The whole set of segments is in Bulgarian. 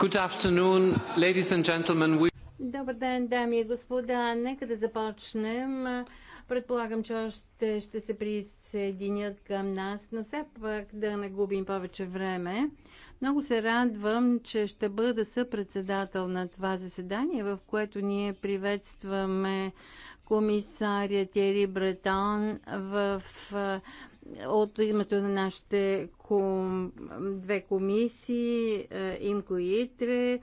Good afternoon, ladies and gentlemen. We... Добър ден, дами и господа. Нека да започнем. Предполагам, че още ще се присъединят към нас, но все пак да не губим повече време. Много се радвам, че ще бъда съпредседател на това заседание, в което ние приветстваме комисаря Тери Бретон в от името на нашите ком, две комисии, е, Имко и Итре. Е,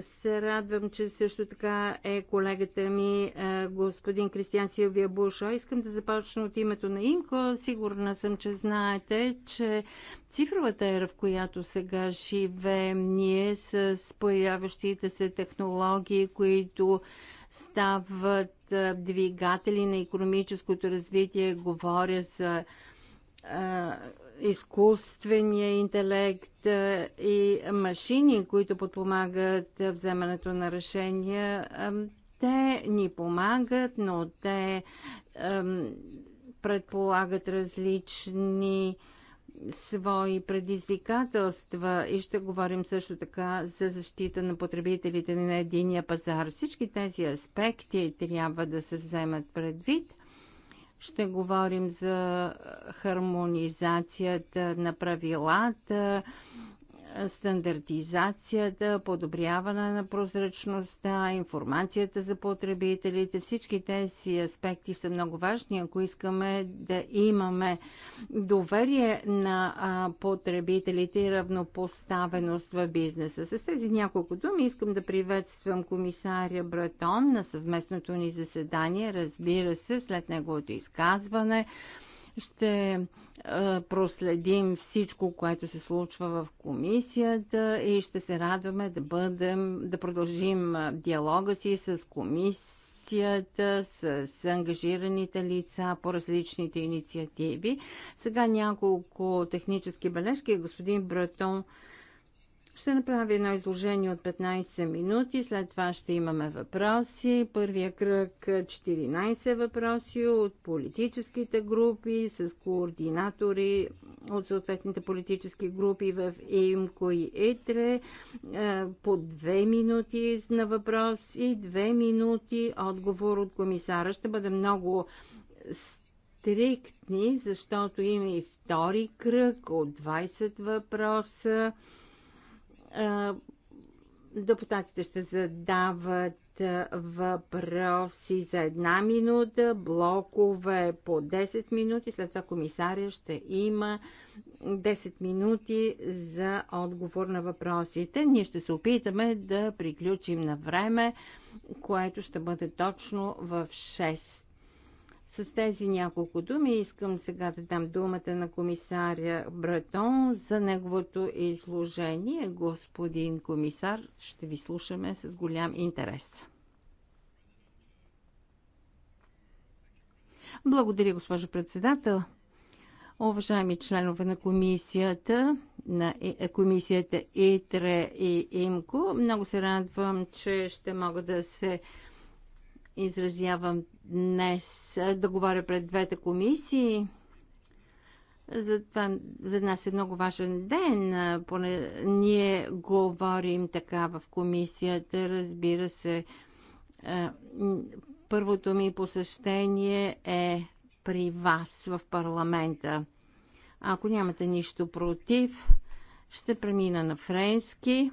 се радвам, че също така е колегата ми, е, господин Кристиан Силвия Бушо. Искам да започна от името на Имко. Сигурна съм, че знаете, че цифровата ера, в която сега живеем ние с появяващите се технологии, които стават двигатели на економическото развитие. Говоря за изкуствения интелект и машини, които подпомагат вземането на решения, те ни помагат, но те предполагат различни свои предизвикателства и ще говорим също така за защита на потребителите на единия пазар. Всички тези аспекти трябва да се вземат предвид. Ще говорим за хармонизацията на правилата, стандартизацията, подобряване на прозрачността, информацията за потребителите. Всички тези аспекти са много важни, ако искаме да имаме доверие на потребителите и равнопоставеност в бизнеса. С тези няколко думи искам да приветствам комисаря Бретон на съвместното ни заседание. Разбира се, след неговото изказване ще е, проследим всичко, което се случва в комисията и ще се радваме да бъдем, да продължим диалога си с комисията, с, ангажираните лица по различните инициативи. Сега няколко технически бележки. Господин Бретон ще направя едно изложение от 15 минути, след това ще имаме въпроси. Първия кръг 14 е въпроси от политическите групи с координатори от съответните политически групи в ИМКО и ИТРЕ е, по 2 минути на въпрос и 2 минути отговор от комисара. Ще бъде много стриктни, защото има и втори кръг от 20 въпроса Депутатите ще задават въпроси за една минута, блокове по 10 минути, след това комисария ще има 10 минути за отговор на въпросите. Ние ще се опитаме да приключим на време, което ще бъде точно в 6 с тези няколко думи искам сега да дам думата на комисаря Бретон за неговото изложение. Господин комисар, ще ви слушаме с голям интерес. Благодаря, госпожо председател. Уважаеми членове на комисията, на е, е, комисията ИТРЕ и ИМКО, много се радвам, че ще мога да се изразявам днес, да говоря пред двете комисии. За, това, за нас е много важен ден. Поне ние говорим така в комисията. Разбира се, първото ми посещение е при вас в парламента. Ако нямате нищо против, ще премина на френски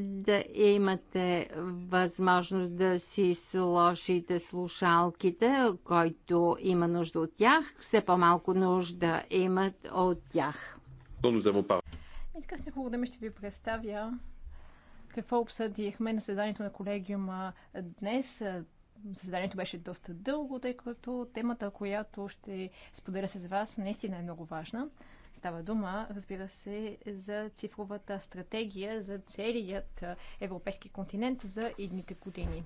да имате възможност да си сложите слушалките, който има нужда от тях, все по-малко нужда имат от тях. И така с да ми ще ви представя какво обсъдихме на заседанието на колегиума днес. Заседанието беше доста дълго, тъй като темата, която ще споделя с вас, наистина е много важна. Става дума, разбира се, за цифровата стратегия за целият европейски континент за едните години.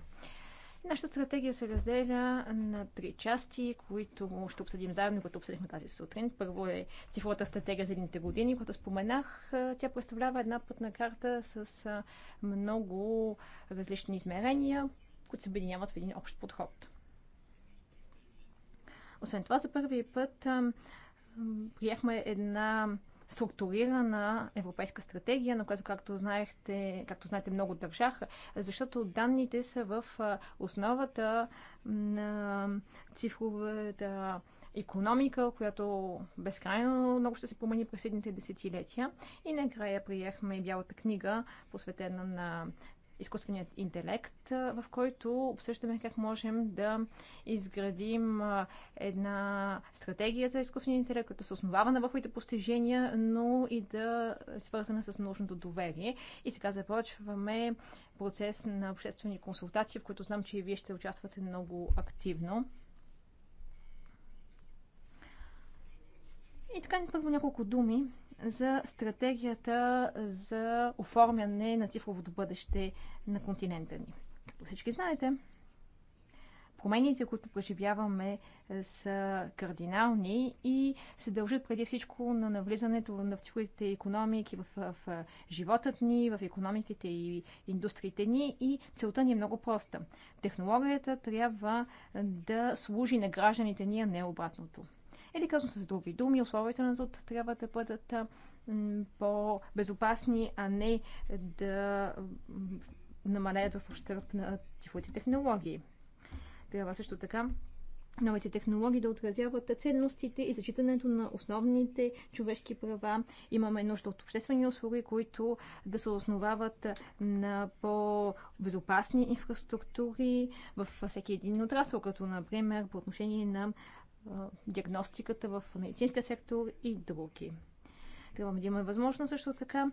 Нашата стратегия се разделя на три части, които ще обсъдим заедно, които обсъдихме тази сутрин. Първо е цифровата стратегия за едните години, която споменах. Тя представлява една пътна карта с много различни измерения, които се объединяват в един общ подход. Освен това, за първи път приехме една структурирана европейска стратегия, на която, както, знаехте, както знаете, много държаха, защото данните са в основата на цифровата економика, която безкрайно много ще се промени през следните десетилетия. И накрая приехме Бялата книга, посветена на изкуственият интелект, в който обсъждаме как можем да изградим една стратегия за изкуствения интелект, която се основава на върховите постижения, но и да е свързана с нужното доверие. И сега започваме процес на обществени консултации, в които знам, че и вие ще участвате много активно. И така, първо няколко думи за стратегията за оформяне на цифровото бъдеще на континента ни. Като всички знаете, промените, които преживяваме, е, са кардинални и се дължат преди всичко на навлизането в цифровите економики, в, в, в животът ни, в економиките и индустриите ни и целта ни е много проста. Технологията трябва да служи на гражданите ни, а не обратното. Или казвам с други думи, условията на труд трябва да бъдат по-безопасни, а не да намаляят в ущърп на цифровите технологии. Трябва също така новите технологии да отразяват ценностите и зачитането на основните човешки права. Имаме нужда от обществени услуги, които да се основават на по-безопасни инфраструктури във всеки един отрасъл, като например по отношение на диагностиката в медицинския сектор и други. Трябва да имаме възможност също така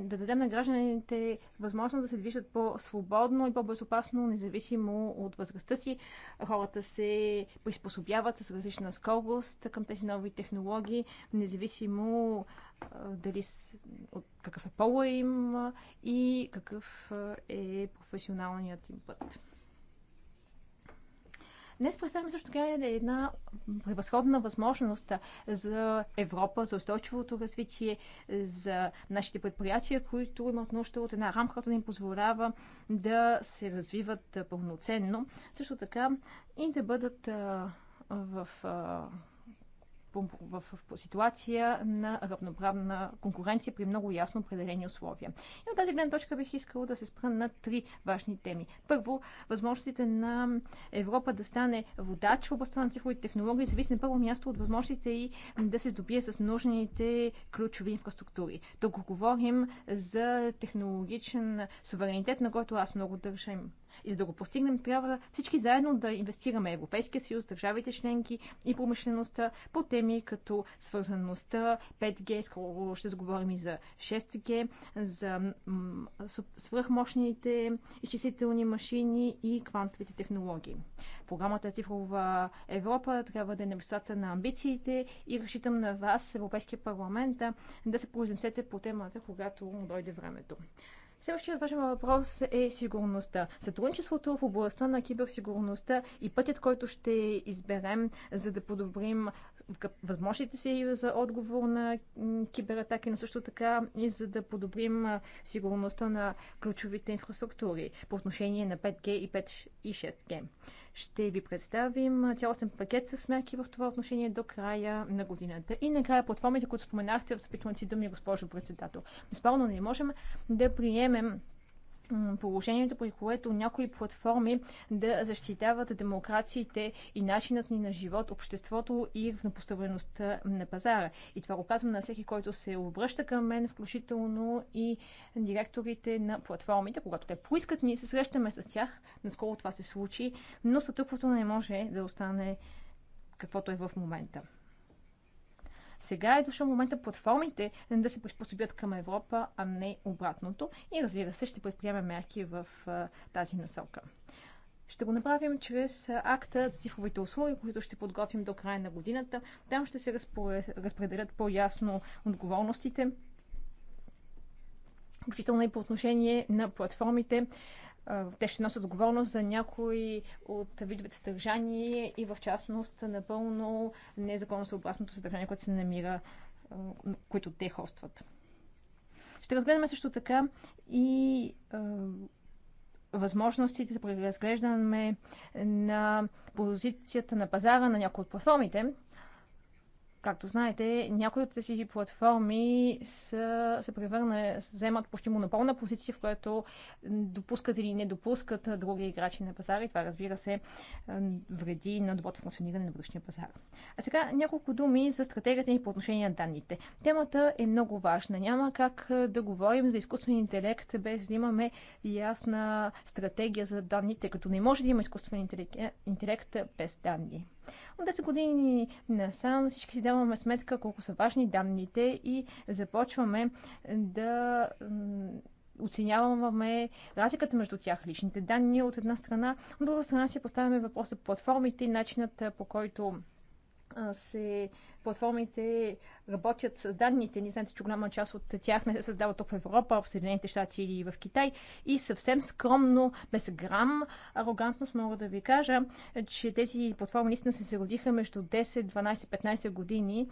да дадем на гражданите възможност да се движат по-свободно и по-безопасно, независимо от възрастта си. Хората се приспособяват с различна скорост към тези нови технологии, независимо дали от какъв е пола им и какъв е професионалният им път. Днес представяме също така една превъзходна възможност за Европа, за устойчивото развитие, за нашите предприятия, които имат нужда от една рамка, която да им позволява да се развиват пълноценно. Също така и да бъдат в в ситуация на равноправна конкуренция при много ясно определени условия. И от тази гледна точка бих искала да се спра на три важни теми. Първо, възможностите на Европа да стане водач в областта на цифровите технологии зависи на първо място от възможностите и да се здобие с нужните ключови инфраструктури. Тук говорим за технологичен суверенитет, на който аз много държам. И за да го постигнем, трябва всички заедно да инвестираме Европейския съюз, държавите членки и промишлеността по теми като свързаността, 5G, скоро ще заговорим и за 6G, за свръхмощните изчислителни машини и квантовите технологии. Програмата Цифрова Европа трябва да е на висотата на амбициите и разчитам на вас, Европейския парламент, да се произнесете по темата, когато му дойде времето. Следващият важен въпрос е сигурността. Сътрудничеството в областта на киберсигурността и пътят, който ще изберем, за да подобрим възможностите си за отговор на кибератаки, но също така и за да подобрим сигурността на ключовите инфраструктури по отношение на 5G и 5 и 6G. Ще ви представим цялостен пакет с мерки в това отношение до края на годината. И накрая платформите, които споменахте в спитваните думи, госпожо председател. Безпълно не можем да приемем положението, при което някои платформи да защитават демокрациите и начинът ни на живот, обществото и напоставеността на пазара. И това го казвам на всеки, който се обръща към мен, включително и директорите на платформите. Когато те поискат, ние се срещаме с тях. Наскоро това се случи, но статуквото не може да остане каквото е в момента. Сега е дошъл момента платформите да се приспособят към Европа, а не обратното. И разбира се, ще предприемем мерки в тази насока. Ще го направим чрез акта за цифровите услуги, които ще подготвим до края на годината. Там ще се разпределят по-ясно отговорностите, включително и по отношение на платформите те ще носят отговорност за някои от видовете съдържание и в частност напълно незаконосъобразното съдържание, което се намира, които те хостват. Ще разгледаме също така и възможностите за преразглеждане на позицията на пазара на някои от платформите, Както знаете, някои от тези платформи са, се превърна, вземат почти монополна позиция, в която допускат или не допускат други играчи на пазара и това, разбира се, вреди на доброто функциониране на вътрешния пазар. А сега няколко думи за стратегията ни по отношение на данните. Темата е много важна. Няма как да говорим за изкуствен интелект без да имаме ясна стратегия за данните, като не може да има изкуствен интелект без данни. От 10 години насам всички си даваме сметка колко са важни данните и започваме да оценяваме разликата между тях, личните данни от една страна, от друга страна си поставяме въпроса платформите и начинът по който се платформите работят с данните. Не знаете, че голяма част от тях не се създават тук в Европа, в Съединените щати или в Китай. И съвсем скромно, без грам арогантност мога да ви кажа, че тези платформи наистина се зародиха между 10, 12, 15 години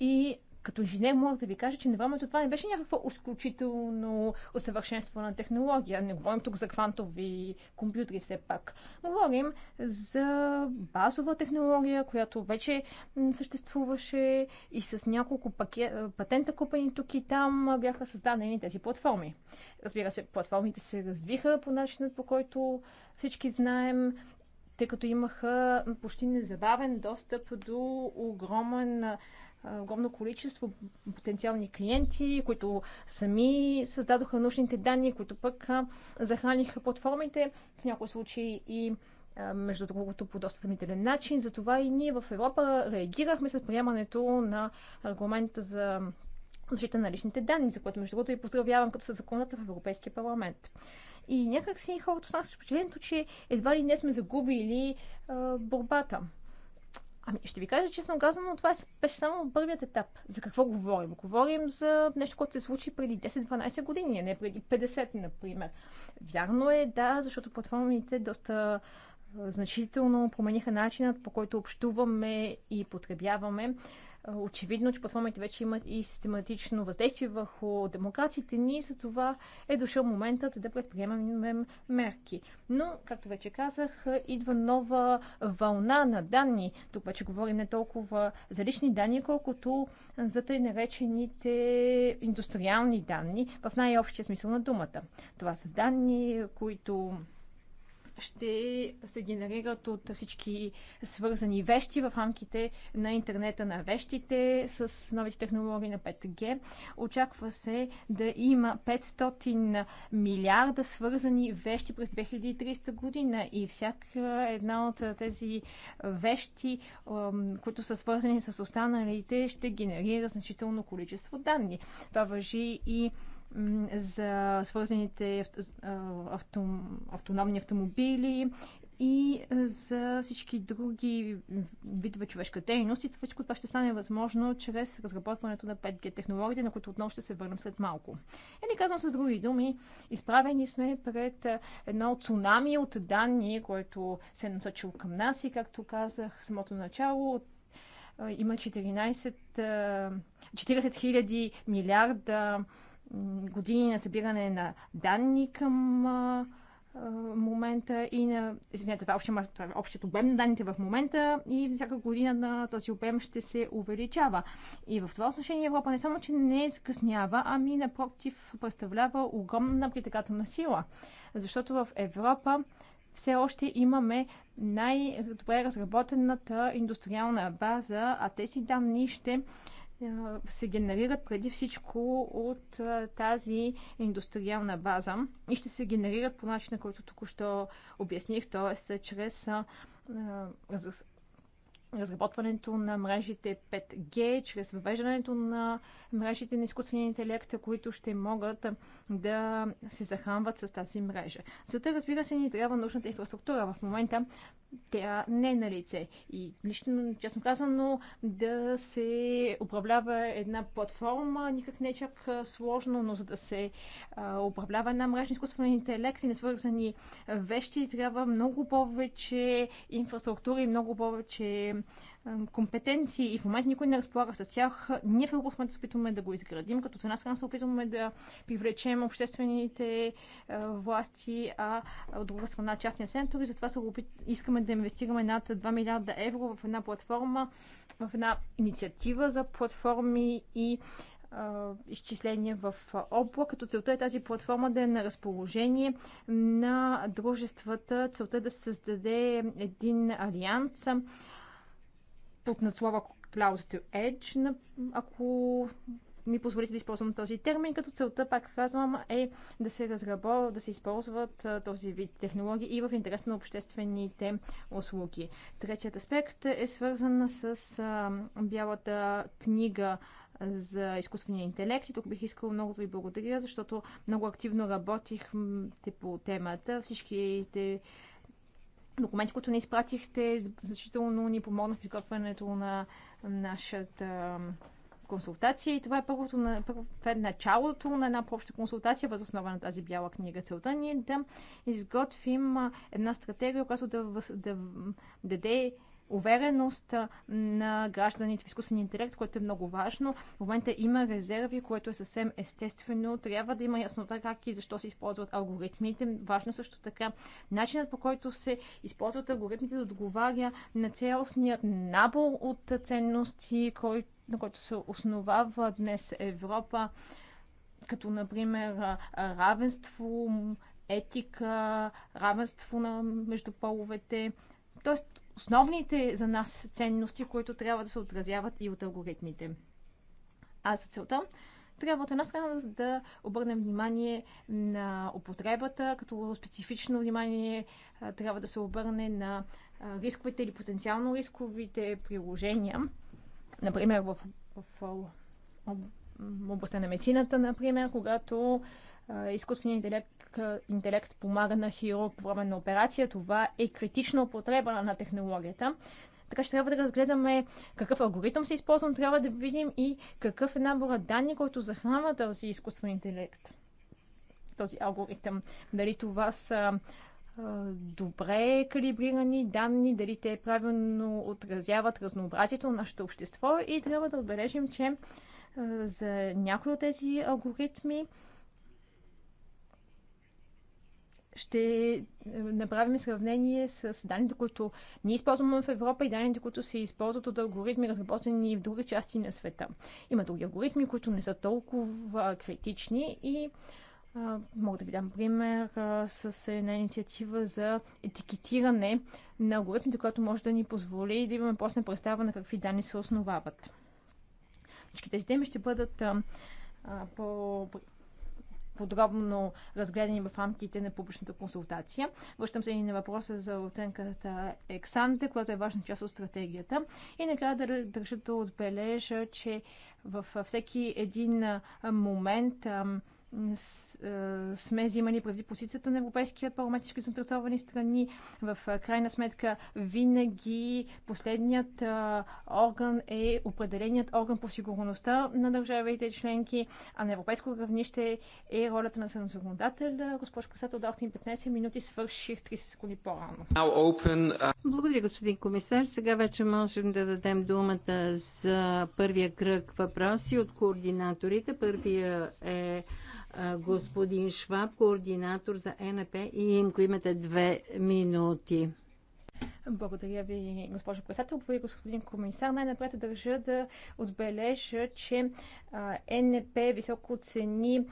и като инженер мога да ви кажа, че на времето това не беше някакво изключително усъвършенствана технология. Не говорим тук за квантови компютри все пак. Говорим за базова технология, която вече съществуваше и с няколко пакет, патента купени тук и там бяха създадени тези платформи. Разбира се, платформите се развиха по начинът, по който всички знаем тъй като имаха почти незабавен достъп до огромен огромно количество потенциални клиенти, които сами създадоха нужните данни, които пък захраниха платформите, в някои случаи и между другото по доста съмителен начин. Затова и ние в Европа реагирахме след приемането на аргумента за защита на личните данни, за което между другото и поздравявам като са законата в Европейския парламент. И някак си хората останаха с впечатлението, че едва ли не сме загубили а, борбата. Ами, ще ви кажа честно казано, това е, беше само първият етап. За какво говорим? Говорим за нещо, което се случи преди 10-12 години, а не преди 50, например. Вярно е, да, защото платформите доста значително промениха начинът по който общуваме и потребяваме. Очевидно, че платформите вече имат и систематично въздействие върху демокрациите ни, за това е дошъл моментът да предприемем мерки. Но, както вече казах, идва нова вълна на данни. Тук вече говорим не толкова за лични данни, колкото за тъй наречените индустриални данни в най-общия смисъл на думата. Това са данни, които ще се генерират от всички свързани вещи в рамките на интернета на вещите с новите технологии на 5G. Очаква се да има 500 милиарда свързани вещи през 2300 година и всяка една от тези вещи, които са свързани с останалите, ще генерира значително количество данни. Това въжи и за свързаните авто, автономни автомобили и за всички други видове човешка дейност. И всичко това ще стане възможно чрез разработването на 5G технологиите, на които отново ще се върнем след малко. Или е, казвам с други думи, изправени сме пред едно цунами от данни, което се е насочило към нас и, както казах в самото начало, има 14, 40 000 милиарда години на събиране на данни към а, момента и на... Извинете, е това е общият обем на данните в момента и всяка година на този обем ще се увеличава. И в това отношение Европа не само, че не закъснява, ами напротив представлява огромна притегателна сила. Защото в Европа все още имаме най-добре разработената индустриална база, а тези данни ще се генерират преди всичко от тази индустриална база и ще се генерират по начина, който току-що обясних, т.е. чрез разработването на мрежите 5G, чрез въвеждането на мрежите на изкуствения интелект, които ще могат да се захранват с тази мрежа. Зато, разбира се, ни трябва нужната инфраструктура. В момента тя не е на лице. И лично, честно казано, да се управлява една платформа никак не е чак сложно, но за да се а, управлява една мрежа на изкуствен интелект и несвързани вещи, трябва много повече инфраструктура и много повече компетенции и в момента никой не разполага с тях, ние в Европа се опитваме да го изградим, като от една страна се опитваме да привлечем обществените власти, а от друга страна частния сектор и затова се опит... искаме да инвестираме над 2 милиарда евро в една платформа, в една инициатива за платформи и изчисления в облак, като целта е тази платформа да е на разположение на дружествата. Целта е да се създаде един алианс под надслова Cloud to Edge, ако ми позволите да използвам този термин, като целта, пак казвам, е да се разработват, да се използват този вид технологии и в интерес на обществените услуги. Третият аспект е свързан с а, бялата книга за изкуствения интелект. И тук бих искал много да ви благодаря, защото много активно работихте по темата. Всичките документи, които не изпратихте, значително ни помогна в изготвянето на нашата консултация и това е първото на, първо, е началото на една обща консултация въз основа на тази бяла книга. Целта ни е да изготвим една стратегия, която да, да, да даде увереност на гражданите в изкуствения интелект, което е много важно. В момента има резерви, което е съвсем естествено. Трябва да има яснота как и защо се използват алгоритмите. Важно е също така начинът по който се използват алгоритмите да отговаря на цялостният набор от ценности, кой, на който се основава днес Европа, като например равенство, етика, равенство на между половете. Тоест, основните за нас ценности, които трябва да се отразяват и от алгоритмите. А за целта трябва от една страна да обърнем внимание на употребата, като специфично внимание трябва да се обърне на рисковите или потенциално рисковите приложения. Например, в, в областта на медицината, например, когато изкуственият интелект интелект помага на хирург по време на операция. Това е критична употреба на технологията. Така че трябва да разгледаме какъв алгоритъм се използва, трябва да видим и какъв е наборът данни, който захранва този изкуствен интелект, този алгоритъм. Дали това са добре калибрирани данни, дали те правилно отразяват разнообразието на нашето общество и трябва да отбележим, че за някои от тези алгоритми ще е, направим сравнение с данните, които ние използваме в Европа и данните, които се използват от алгоритми, разработени в други части на света. Има други алгоритми, които не са толкова критични и а, мога да ви дам пример а, с една инициатива за етикетиране на алгоритмите, която може да ни позволи да имаме после представа на какви данни се основават. Всички тези теми ще бъдат а, по подробно разгледани в рамките на публичната консултация. Връщам се и на въпроса за оценката Ексанте, която е важна част от стратегията. И накрая да държа да отбележа, че във всеки един момент е, сме взимали преди позицията на Европейския парламент и заинтересовани страни. В е, крайна сметка, винаги последният е, орган е определеният орган по сигурността на държавите членки, а на европейско равнище е ролята на законодателя. Госпожо председател, дадохте им 15 минути, свърших 30 секунди по-рано. Uh, Благодаря, господин комисар. Сега вече можем да дадем думата за първия кръг въпроси от координаторите. Първия е господин Шваб, координатор за е НП и Имко. Имате две минути. Благодаря ви, госпожо председател. Благодаря, господин комисар. Най-напред държа да отбележа, че НП високо цени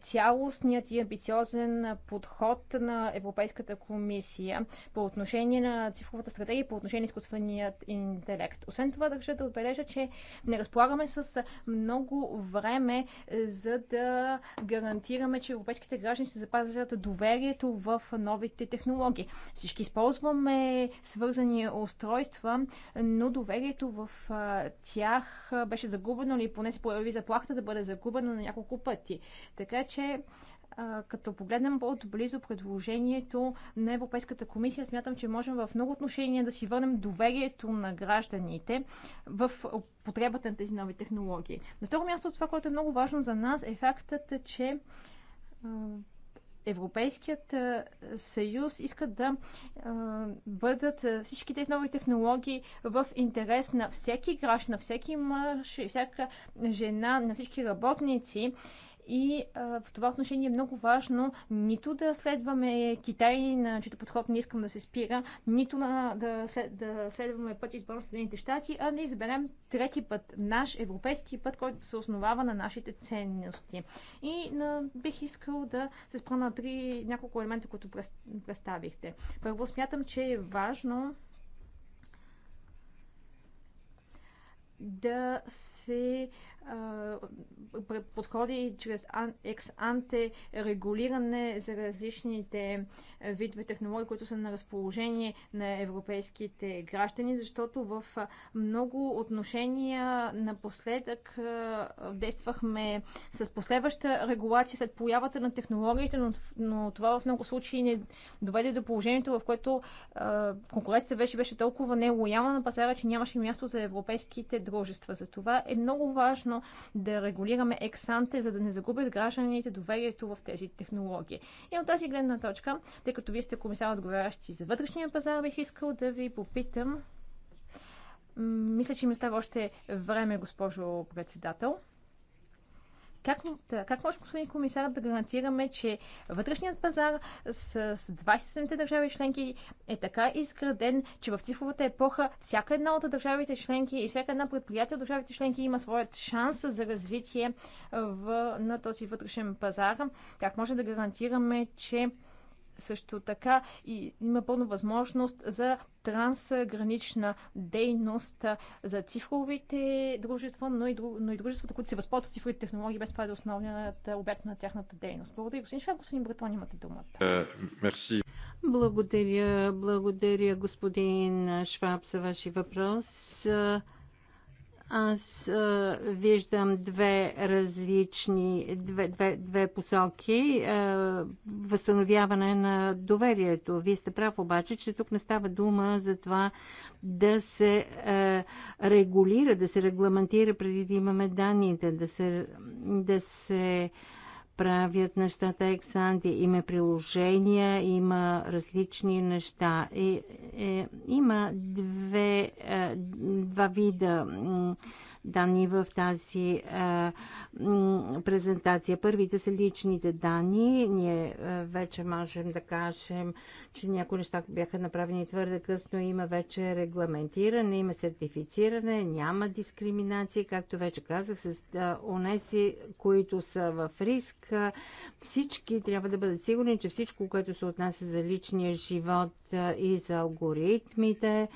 цялостният и амбициозен подход на Европейската комисия по отношение на цифровата стратегия и по отношение на изкуственият интелект. Освен това, държа да отбележа, че не разполагаме с много време за да гарантираме, че европейските граждани ще запазят доверието в новите технологии. Всички използваме свързани устройства, но доверието в тях беше загубено или поне се появи заплахата да бъде загубено на няколко пъти. Така че като погледнем по-отблизо предложението на Европейската комисия, смятам, че можем в много отношения да си върнем доверието на гражданите в потребата на тези нови технологии. На второ място, това, което е много важно за нас, е фактът, че Европейският съюз иска да а, бъдат всички тези нови технологии в интерес на всеки граждан, на всеки мъж и всяка жена, на всички работници и а, в това отношение е много важно нито да следваме Китай, на чето подход не искам да се спира, нито на, да, след, да следваме път избран от Съединените щати, а да изберем трети път, наш европейски път, който се основава на нашите ценности. И на, бих искал да се спра на три няколко елемента, които представихте. Първо смятам, че е важно да се подходи чрез екс-анте регулиране за различните видове технологии, които са на разположение на европейските граждани, защото в много отношения напоследък действахме с последваща регулация след появата на технологиите, но, но това в много случаи не доведе до положението, в което конкуренцията беше, беше толкова нелоялна на пазара, че нямаше място за европейските дружества. За това е много важно ясно да регулираме ексанте, за да не загубят гражданите доверието в тези технологии. И от тази гледна точка, тъй като вие сте комисар отговарящи за вътрешния пазар, бих искал да ви попитам. Мисля, че ми остава още време, госпожо председател. Как, да, как може, господин комисар, да гарантираме, че вътрешният пазар с, с 27-те държави членки е така изграден, че в цифровата епоха всяка една от държавите членки и всяка една предприятие от държавите членки има своят шанс за развитие в, на този вътрешен пазар? Как може да гарантираме, че също така и има пълна възможност за трансгранична дейност за цифровите дружества, но и, но и дружествата, които се възползват от цифровите технологии, без това е да основният обект на тяхната дейност. Благодаря, господин Шар, господин Бретон, имате думата. Е, мерси. Благодаря, благодаря, господин Шваб, за вашия въпрос. Аз а, виждам две различни, две, две, две посоки. А, възстановяване на доверието. Вие сте прав обаче, че тук не става дума за това да се а, регулира, да се регламентира преди да имаме данните, да се, да се правят нещата ексанти. Има приложения, има различни неща. И, е, е, има две, е, два вида данни в тази а, презентация. Първите са личните данни. Ние а, вече можем да кажем, че някои неща бяха направени твърде късно. Има вече регламентиране, има сертифициране, няма дискриминация, както вече казах, с онеси, които са в риск. Всички трябва да бъдат сигурни, че всичко, което се отнася за личния живот и за алгоритмите,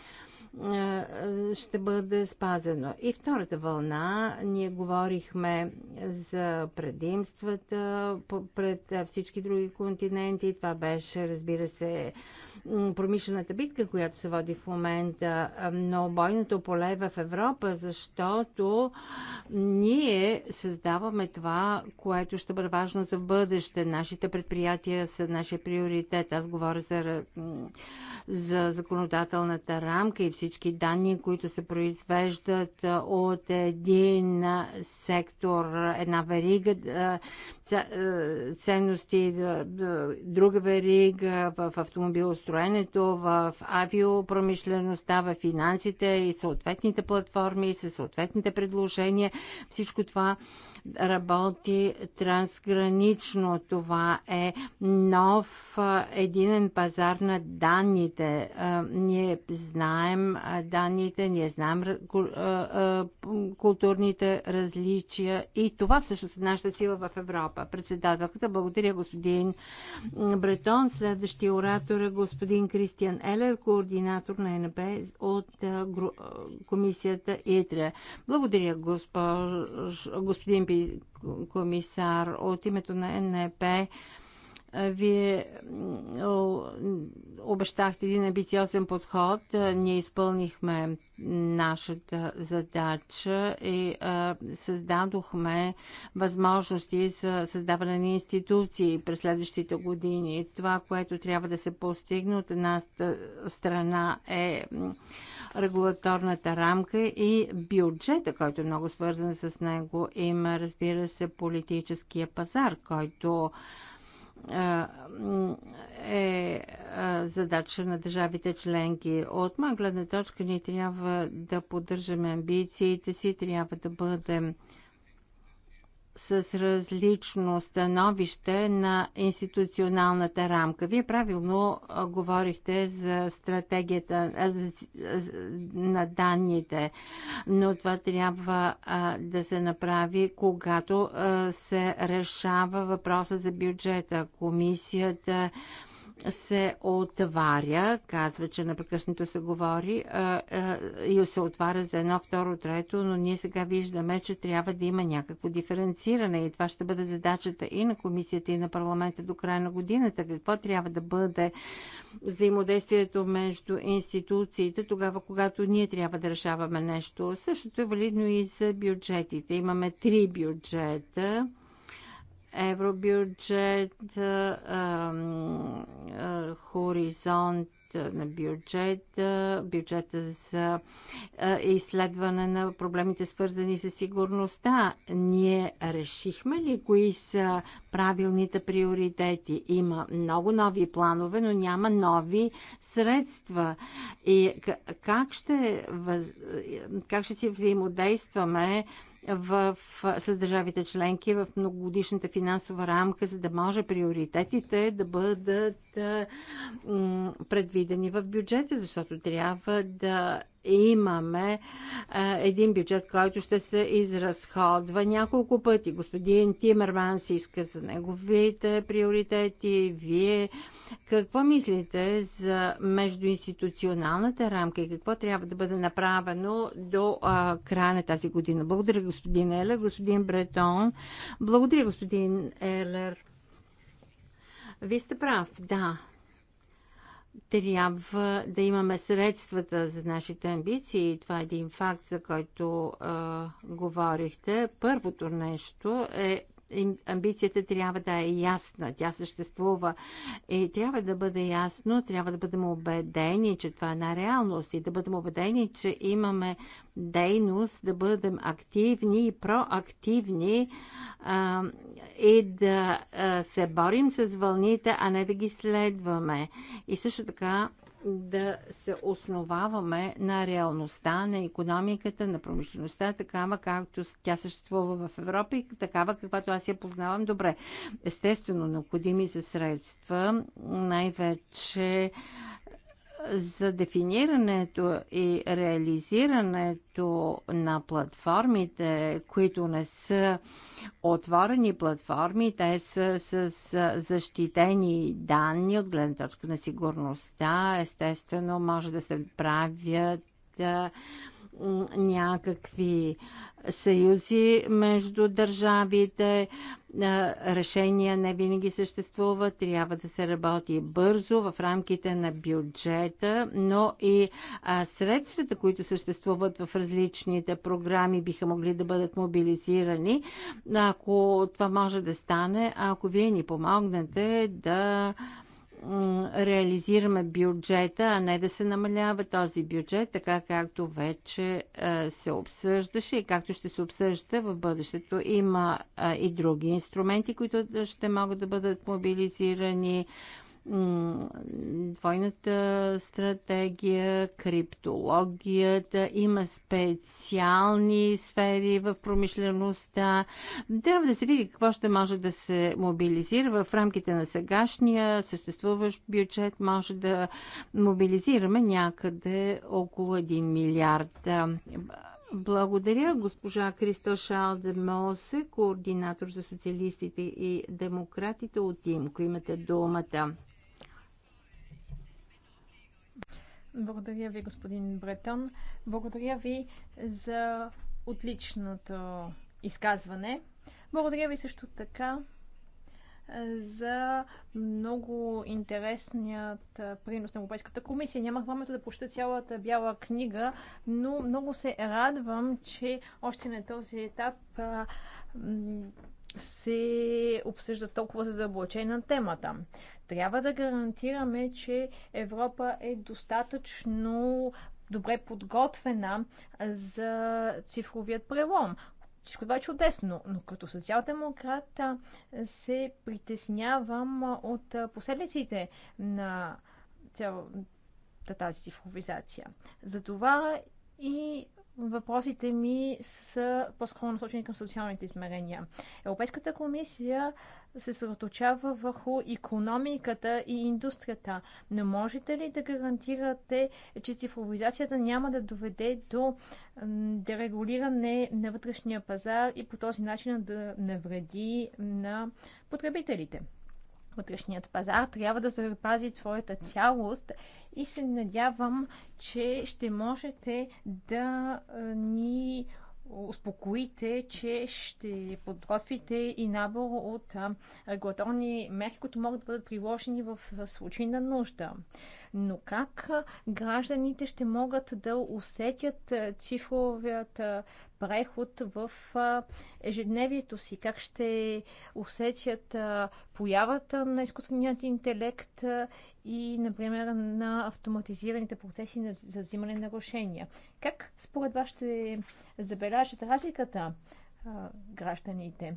е, ще бъде спазено. И втората вълна, ние говорихме за предимствата пред всички други континенти. Това беше, разбира се, промишлената битка, която се води в момента, но бойното поле в Европа, защото ние създаваме това, което ще бъде важно за в бъдеще. Нашите предприятия са нашия приоритет. Аз говоря за за законодателната рамка и всички данни, които се произвеждат от един сектор, една верига ценности, друга верига в автомобилостроенето, в авиопромишлеността, в финансите и съответните платформи, и със съответните предложения. Всичко това работи трансгранично. Това е нов единен пазар на данните. Ние знаем данните, ние знаем културните различия и това всъщност е нашата сила в Европа. Председателката, благодаря господин Бретон. Следващия оратор е господин Кристиан Елер, координатор на НБ от комисията ИТРЕ. Благодаря, госпож, господин Пи комисар. От името на НЕП вие обещахте един амбициозен подход. Ние изпълнихме нашата задача и създадохме възможности за създаване на институции през следващите години. Това, което трябва да се постигне от една страна е регулаторната рамка и бюджета, който е много свързан с него. Има, разбира се, политическия пазар, който е задача на държавите членки. От моя гледна точка ние трябва да поддържаме амбициите си, трябва да бъдем с различно становище на институционалната рамка. Вие правилно говорихте за стратегията на данните, но това трябва да се направи, когато се решава въпроса за бюджета. Комисията се отваря, казва, че напрекъснато се говори и се отваря за едно, второ, трето, но ние сега виждаме, че трябва да има някакво диференциране и това ще бъде задачата и на комисията, и на парламента до края на годината. Какво трябва да бъде взаимодействието между институциите тогава, когато ние трябва да решаваме нещо. Същото е валидно и за бюджетите. Имаме три бюджета евробюджет, хоризонт на бюджета, бюджета за изследване на проблемите свързани с сигурността. Ние решихме ли кои са правилните приоритети? Има много нови планове, но няма нови средства. И как ще, как ще си взаимодействаме в, с държавите членки в многогодишната финансова рамка, за да може приоритетите да бъдат предвидени в бюджета, защото трябва да имаме а, един бюджет, който ще се изразходва няколко пъти. Господин Тимерман си иска за неговите приоритети. Вие какво мислите за междуинституционалната рамка и какво трябва да бъде направено до а, края на тази година? Благодаря, господин Елер, господин Бретон. Благодаря, господин Елер. Вие сте прав, да трябва да имаме средствата за нашите амбиции. Това е един факт, за който а, говорихте. Първото нещо е амбицията трябва да е ясна, тя съществува и трябва да бъде ясно, трябва да бъдем убедени, че това е на реалност и да бъдем убедени, че имаме дейност, да бъдем активни и проактивни а, и да а, се борим с вълните, а не да ги следваме. И също така да се основаваме на реалността на економиката, на промишлеността, такава както тя съществува в Европа и такава каквато аз я познавам добре. Естествено, необходими са средства, най-вече за дефинирането и реализирането на платформите, които не са отворени платформи, те са с защитени данни от гледна точка на сигурността. Естествено, може да се правят някакви съюзи между държавите. Решения не винаги съществуват. Трябва да се работи бързо в рамките на бюджета, но и средствата, които съществуват в различните програми, биха могли да бъдат мобилизирани. Ако това може да стане, ако вие ни помогнете да реализираме бюджета, а не да се намалява този бюджет, така както вече е, се обсъждаше и както ще се обсъжда в бъдещето. Има е, и други инструменти, които ще могат да бъдат мобилизирани двойната стратегия, криптологията, има специални сфери в промишлеността. Трябва да се види какво ще може да се мобилизира в рамките на сегашния съществуващ бюджет. Може да мобилизираме някъде около 1 милиард. Благодаря. Госпожа Кристо Мосе, координатор за социалистите и демократите от ИМКО. Имате думата. Благодаря ви, господин Бретон. Благодаря ви за отличното изказване. Благодаря ви също така за много интересният принос на Европейската комисия. Нямах времето да прочета цялата бяла книга, но много се радвам, че още на този етап се обсъжда толкова задълбочена темата. Трябва да гарантираме, че Европа е достатъчно добре подготвена за цифровият прелом. Всичко това е чудесно, но като социал-демократ се притеснявам от последиците на цялата тази цифровизация. Затова и въпросите ми са по-скоро насочени към социалните измерения. Европейската комисия се съсредоточава върху економиката и индустрията. Не можете ли да гарантирате, че цифровизацията няма да доведе до дерегулиране на вътрешния пазар и по този начин да навреди на потребителите? вътрешният пазар трябва да запази своята цялост и се надявам, че ще можете да ни успокоите, че ще подготвите и набор от регулаторни мерки, които могат да бъдат приложени в случай на нужда. Но как гражданите ще могат да усетят цифровият преход в ежедневието си? Как ще усетят появата на изкуственият интелект и, например, на автоматизираните процеси за взимане на решения? Как според вас ще забележат разликата гражданите?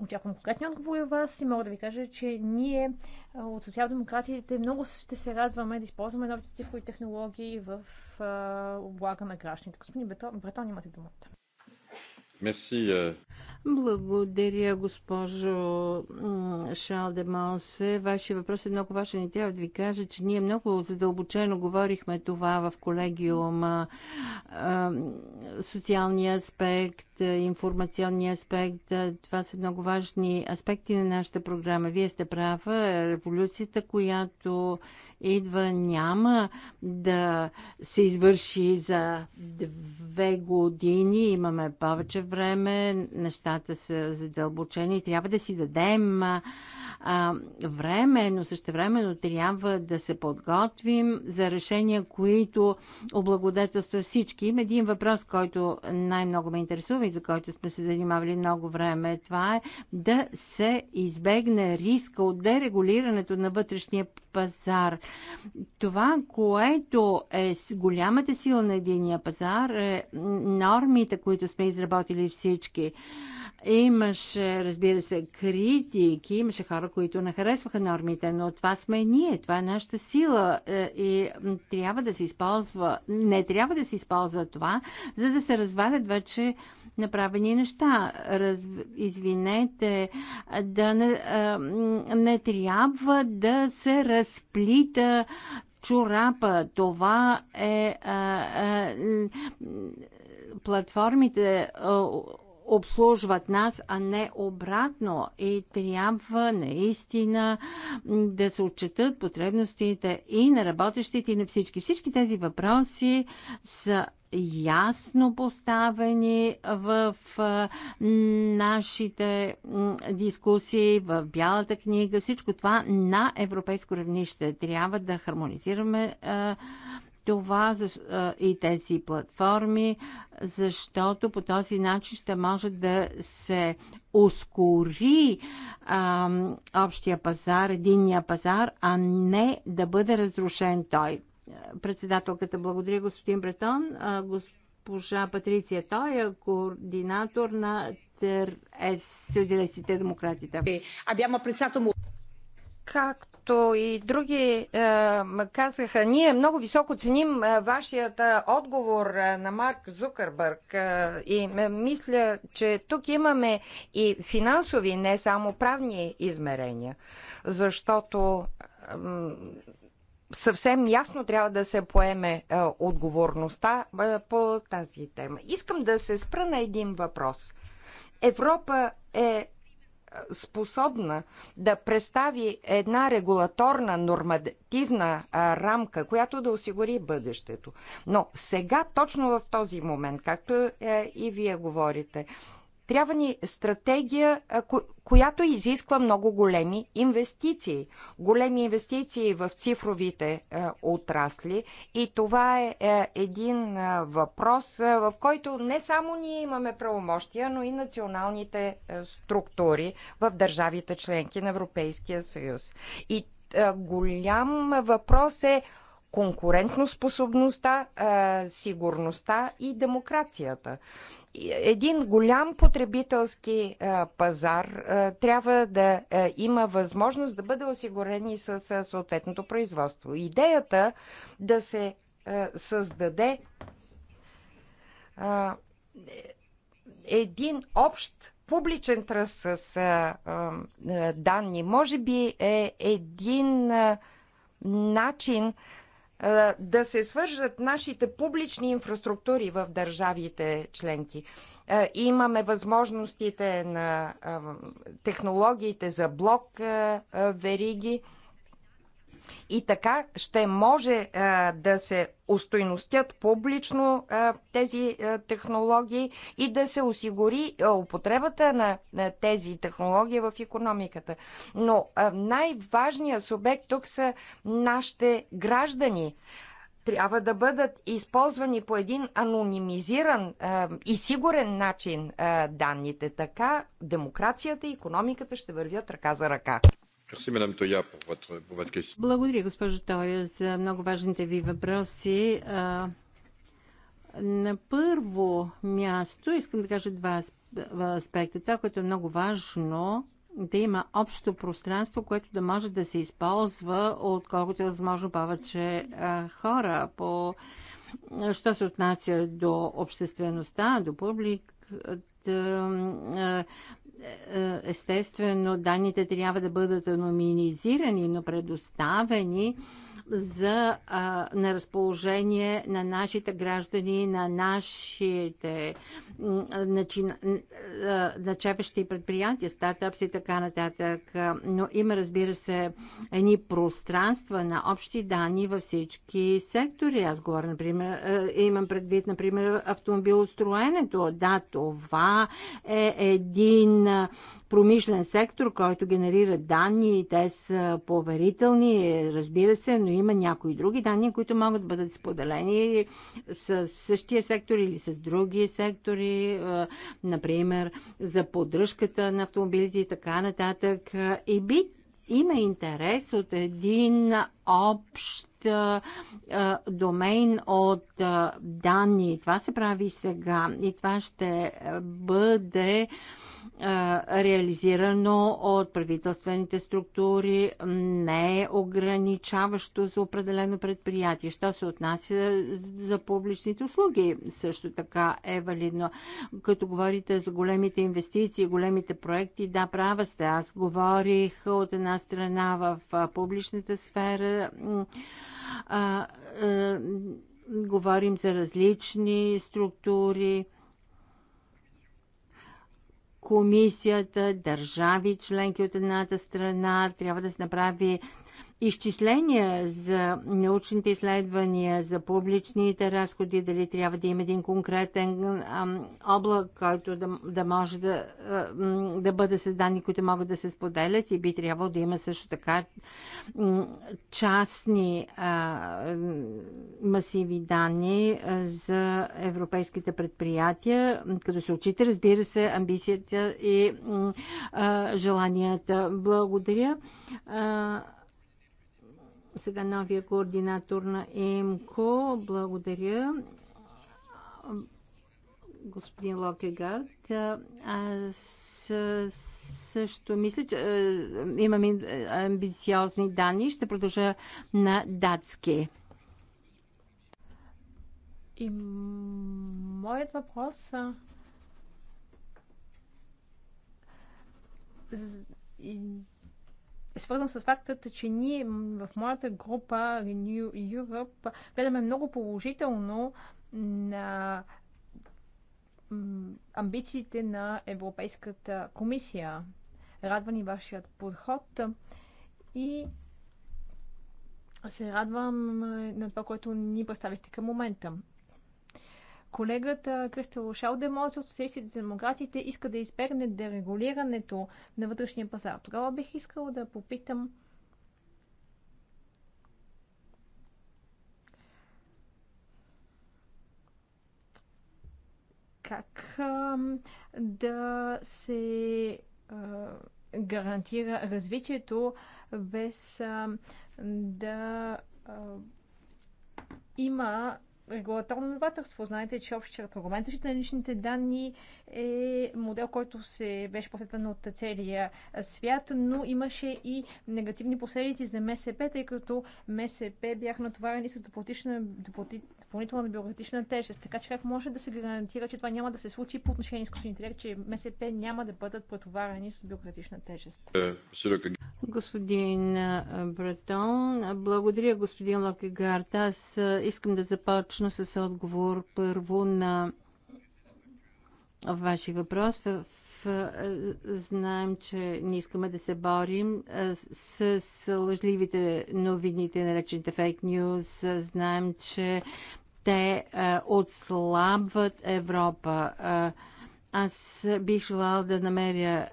очаквам конкретни отговори от вас и мога да ви кажа, че ние от социал-демократите много ще се радваме да използваме новите цифрови технологии в облага на гражданите. Господин Бретон, имате думата. Merci. Euh. Благодаря, госпожо Монсе. Вашия въпрос е много важен и трябва да ви кажа, че ние много задълбочено говорихме това в колегиума. Социалния аспект, информационния аспект, това са много важни аспекти на нашата програма. Вие сте права, революцията, която идва, няма да се извърши за две години. Имаме повече време, нещата са задълбочени. Трябва да си дадем а, време, но същевременно трябва да се подготвим за решения, които облагодетелства всички. Има един въпрос, който най-много ме интересува и за който сме се занимавали много време. Това е да се избегне риска от дерегулирането на вътрешния пазар. Това, което е голямата сила на единия пазар, е нормите, които сме изработили всички. Имаше, разбира се, критики, имаше хора, които не харесваха нормите, но това сме ние, това е нашата сила е, и трябва да се използва, не трябва да се използва това, за да се развалят вече направени неща. Раз, извинете, да не, е, не трябва да се разплита чорапа. Това е. е платформите обслужват нас, а не обратно. И трябва наистина да се отчетат потребностите и на работещите, и на всички. Всички тези въпроси са ясно поставени в нашите дискусии, в Бялата книга. Всичко това на европейско равнище. Трябва да хармонизираме това и тези платформи, защото по този начин ще може да се ускори а, общия пазар, единния пазар, а не да бъде разрушен той. Председателката благодаря господин Бретон. Госпожа Патриция Той е координатор на ТРС е, Социалистите демократите. Както както и други е, казаха, ние много високо ценим е, вашият е, отговор на Марк Зукърбърг и мисля, че тук имаме и финансови, не само правни измерения, защото съвсем ясно трябва да се поеме отговорността по тази тема. Искам да се спра на един въпрос. Европа е способна да представи една регулаторна нормативна а, рамка, която да осигури бъдещето. Но сега, точно в този момент, както е, и вие говорите, трябва ни стратегия, която изисква много големи инвестиции. Големи инвестиции в цифровите отрасли. И това е, е един въпрос, в който не само ние имаме правомощия, но и националните структури в държавите членки на Европейския съюз. И голям въпрос е конкурентноспособността, е, сигурността и демокрацията. Един голям потребителски е, пазар е, трябва да има възможност да бъде осигурен и с съответното производство. Идеята да се създаде един общ публичен тръст с данни, може би е един начин да се свържат нашите публични инфраструктури в държавите членки. Имаме възможностите на технологиите за блок вериги и така ще може а, да се устойностят публично а, тези а, технологии и да се осигури а, употребата на, на тези технологии в економиката. Но най-важният субект тук са нашите граждани трябва да бъдат използвани по един анонимизиран а, и сигурен начин а, данните. Така демокрацията и економиката ще вървят ръка за ръка. Благодаря, госпожо Тоя, за много важните ви въпроси. На първо място искам да кажа два аспекта. Това, което е много важно, да има общо пространство, което да може да се използва от колкото е възможно повече хора. По, що се отнася до обществеността, до публик, е, естествено, данните трябва да бъдат анонимизирани, но предоставени за а, на разположение на нашите граждани, на нашите начепещи предприятия, стартъпси и така нататък. Но има, разбира се, едни пространства на общи данни във всички сектори. Аз говоря, например, имам предвид, например, автомобилостроенето. Да, това е един промишлен сектор, който генерира данни и те са поверителни, разбира се, но има някои други данни, които могат да бъдат споделени с същия сектор или с други сектори, например за поддръжката на автомобилите и така нататък. И би има интерес от един общ домейн от данни. Това се прави сега и това ще бъде реализирано от правителствените структури, не е ограничаващо за определено предприятие. Що се отнася за публичните услуги, също така е валидно. Като говорите за големите инвестиции, големите проекти, да, права сте. Аз говорих от една страна в публичната сфера говорим за различни структури, комисията, държави, членки от едната страна, трябва да се направи изчисления за научните изследвания, за публичните разходи, дали трябва да има един конкретен облак, който да, да може да, да бъде с данни, които могат да се споделят и би трябвало да има също така частни масиви данни за европейските предприятия, като се очите, разбира се, амбицията мечтите и желанията. Благодаря. Сега новия координатор на ЕМКО. Благодаря господин Локегард. Аз също мисля, че имам амбициозни данни. Ще продължа на датски. И моят въпрос Е свързан с фактът, че ние в моята група Renew Europe гледаме много положително на амбициите на Европейската комисия. Радва ни вашият подход и се радвам на това, което ни представихте към момента. Колегата Кристал Демоз от социалистите демократите иска да избегне дерегулирането на вътрешния пазар. Тогава бих искала да попитам как а, да се а, гарантира развитието без а, да а, има регулаторно новаторство. Знаете, че общият регламент защита на личните данни е модел, който се беше последван от целия свят, но имаше и негативни последици за МСП, тъй като МСП бяха натоварени с допълнителна, допълнителна допълнителна бюрократична тежест. Така че как може да се гарантира, че това няма да се случи по отношение на изкуствения интелект, че МСП няма да бъдат претоварени с бюрократична тежест? Е, господин Бретон, благодаря господин Локегард. Аз искам да започна с отговор първо на вашия въпрос. В знаем, че не искаме да се борим с лъжливите новините, наречените фейк нюз. Знаем, че те е, отслабват Европа. Е, аз бих желала да намеря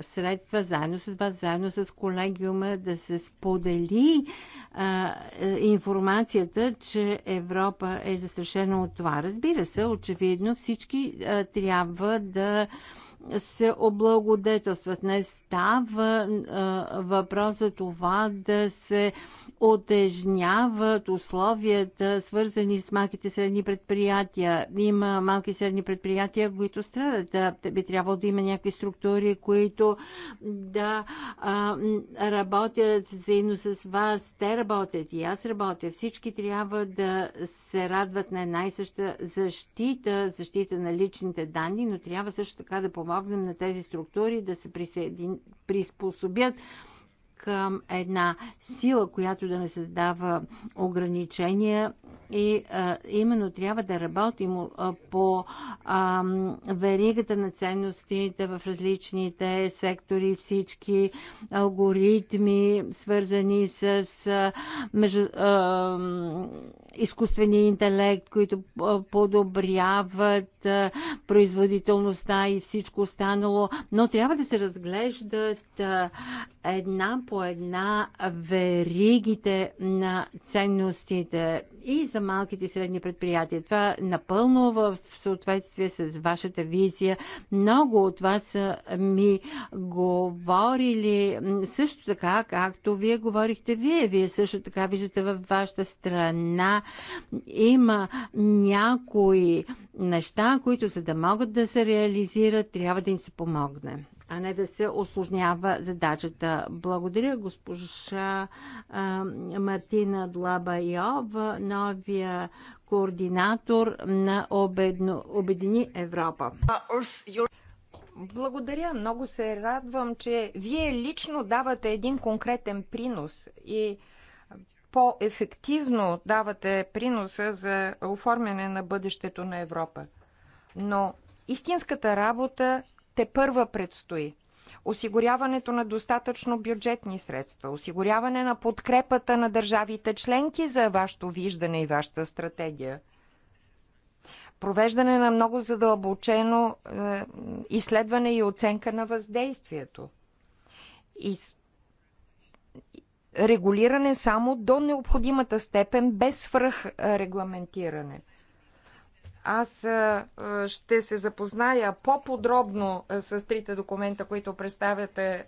средства заедно с вас, заедно с колегиума, да се сподели а, е, информацията, че Европа е застрашена от това. Разбира се, очевидно всички а, трябва да се облагодетелстват. Не става а, въпрос за това да се отежняват условията, свързани с малките и средни предприятия. Има малки и средни предприятия, които страдат. би трябвало да има някакви структури, които да а, работят взаимно с вас. Те работят и аз работя. Всички трябва да се радват на една и съща защита, защита на личните данни, но трябва също така да помагат помогнем на тези структури да се присъедин... приспособят към една сила, която да не създава ограничения и а, именно трябва да работим а, по а, веригата на ценностите в различните сектори, всички алгоритми, свързани с а, между, а, изкуствения интелект, които подобряват а, производителността и всичко останало, но трябва да се разглеждат а, една по една веригите на ценностите и за малките и средни предприятия. Това напълно в съответствие с вашата визия. Много от вас ми говорили също така, както вие говорихте вие. Вие също така виждате във вашата страна има някои неща, които за да могат да се реализират, трябва да им се помогне а не да се осложнява задачата. Благодаря госпожа а, Мартина Длабайова, новия координатор на Обедно, Обедини Европа. Благодаря. Много се радвам, че вие лично давате един конкретен принос и по-ефективно давате приноса за оформяне на бъдещето на Европа. Но истинската работа те първа предстои. Осигуряването на достатъчно бюджетни средства, осигуряване на подкрепата на държавите членки за вашето виждане и вашата стратегия провеждане на много задълбочено е, изследване и оценка на въздействието. И регулиране само до необходимата степен, без свръхрегламентиране. Аз ще се запозная по-подробно с трите документа, които представяте.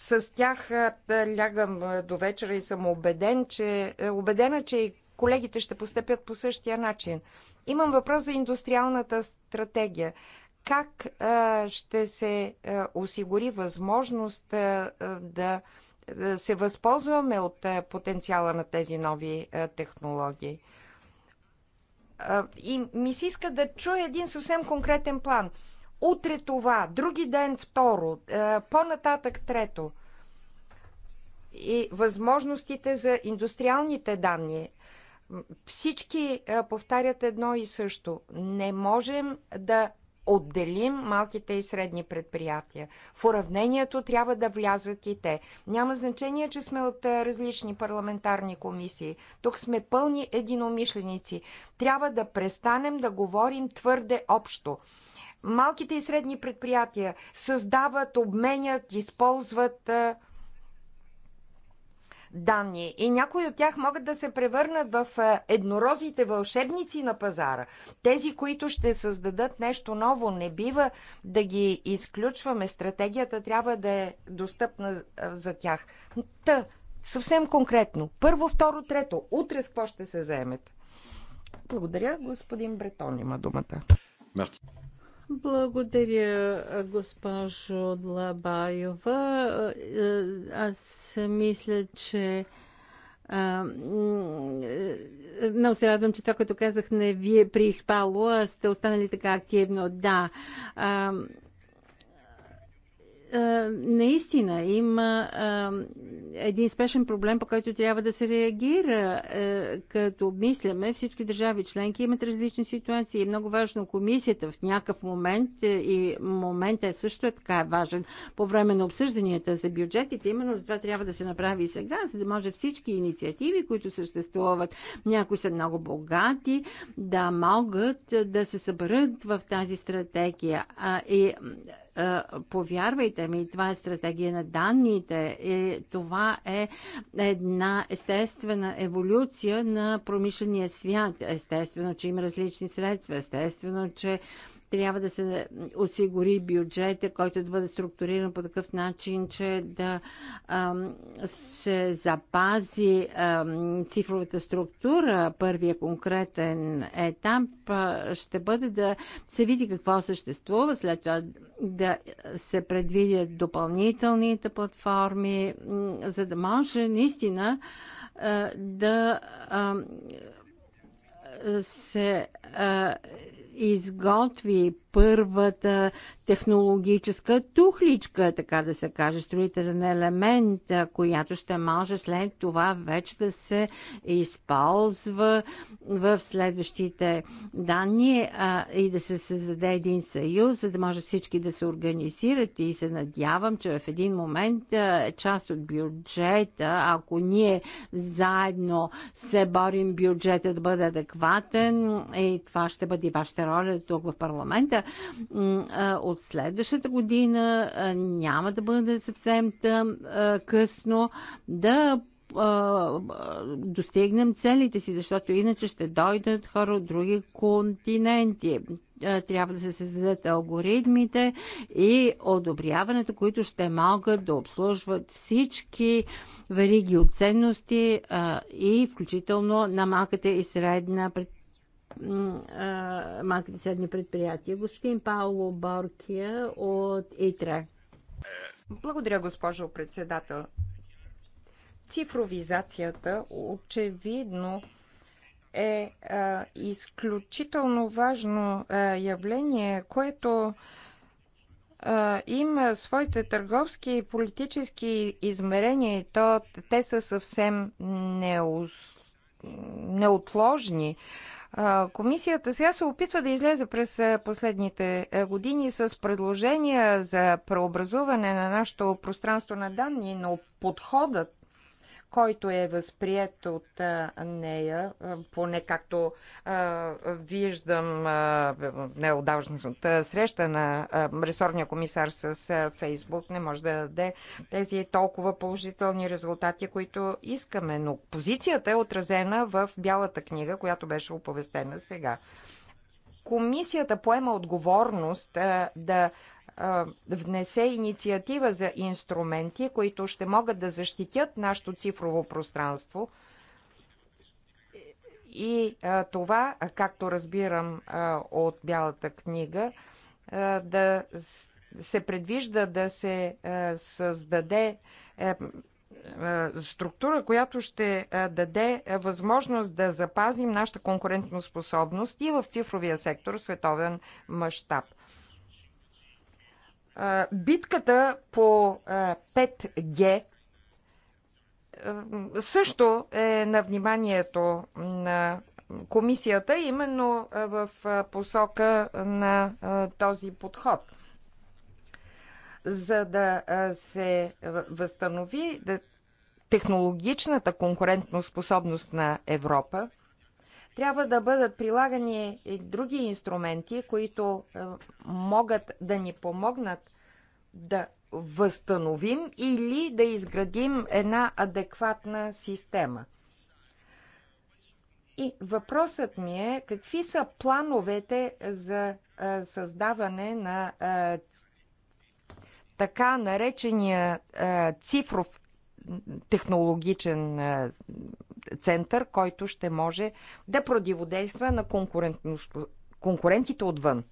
С тях лягам до вечера и съм убеден, че, е, убедена, че и колегите ще постъпят по същия начин. Имам въпрос за индустриалната стратегия. Как ще се осигури възможност да е, се възползваме от е, потенциала на тези нови е, технологии. И ми се иска да чуя един съвсем конкретен план. Утре това, други ден второ, по-нататък трето. И възможностите за индустриалните данни. Всички повтарят едно и също. Не можем да отделим малките и средни предприятия. В уравнението трябва да влязат и те. Няма значение, че сме от е, различни парламентарни комисии. Тук сме пълни единомишленици. Трябва да престанем да говорим твърде общо. Малките и средни предприятия създават, обменят, използват е, данни и някои от тях могат да се превърнат в е, еднорозите вълшебници на пазара. Тези, които ще създадат нещо ново, не бива да ги изключваме. Стратегията трябва да е достъпна е, за тях. Та, съвсем конкретно. Първо, второ, трето. Утре с какво ще се заемете? Благодаря. Господин Бретон има думата. Мерти. Благодаря, госпожо Длабаева. Е, аз мисля, че много се радвам, че това, което казах, не ви е приспало, а сте останали така активно. Да. А, наистина има един спешен проблем, по който трябва да се реагира. Като мисляме, всички държави членки имат различни ситуации. Много важно комисията в някакъв момент е, и момента е също е така важен по време на обсъжданията за бюджетите. Именно за това трябва да се направи и сега, за да може всички инициативи, които съществуват, някои са много богати, да могат да се съберат в тази стратегия. И е, повярвайте ми, това е стратегия на данните и е, това е една естествена еволюция на промишления свят. Естествено, че има различни средства, естествено, че трябва да се осигури бюджета, който да бъде структуриран по такъв начин, че да се запази цифровата структура. Първия конкретен етап ще бъде да се види какво съществува, след това да се предвидят допълнителните платформи, за да може наистина да се изготви първата технологическа тухличка, така да се каже, строителен елемент, която ще може след това вече да се използва в следващите данни а, и да се създаде един съюз, за да може всички да се организират и се надявам, че в един момент а, част от бюджета, ако ние заедно се борим бюджета да бъде адекватен и това ще бъде вашата роля тук в парламента, от от следващата година няма да бъде съвсем тъм, късно да достигнем целите си, защото иначе ще дойдат хора от други континенти. Трябва да се създадат алгоритмите и одобряването, които ще могат да обслужват всички вериги от ценности и включително на малката и средна предприятия малките средни предприятия. Господин Пауло Боркия от ИТРА. Благодаря, госпожо председател. Цифровизацията очевидно е а, изключително важно а, явление, което а, има своите търговски и политически измерения и то те са съвсем неус... неотложни. А, Комисията сега се опитва да излезе през последните години с предложения за преобразуване на нашето пространство на данни, но подходът който е възприят от нея, поне както виждам неудачната среща на ресорния комисар с Фейсбук, не може да даде тези толкова положителни резултати, които искаме. Но позицията е отразена в Бялата книга, която беше оповестена сега комисията поема отговорност да внесе инициатива за инструменти, които ще могат да защитят нашето цифрово пространство. И това, както разбирам от Бялата книга, да се предвижда да се създаде е, структура, която ще даде възможност да запазим нашата конкурентоспособност и в цифровия сектор световен мащаб битката по 5G също е на вниманието на комисията, именно в посока на този подход. За да се възстанови технологичната конкурентоспособност на Европа, трябва да бъдат прилагани и други инструменти, които е, могат да ни помогнат да възстановим или да изградим една адекватна система. И въпросът ми е какви са плановете за е, създаване на е, така наречения цифров технологичен център, който ще може да противодейства на конкурентите отвън.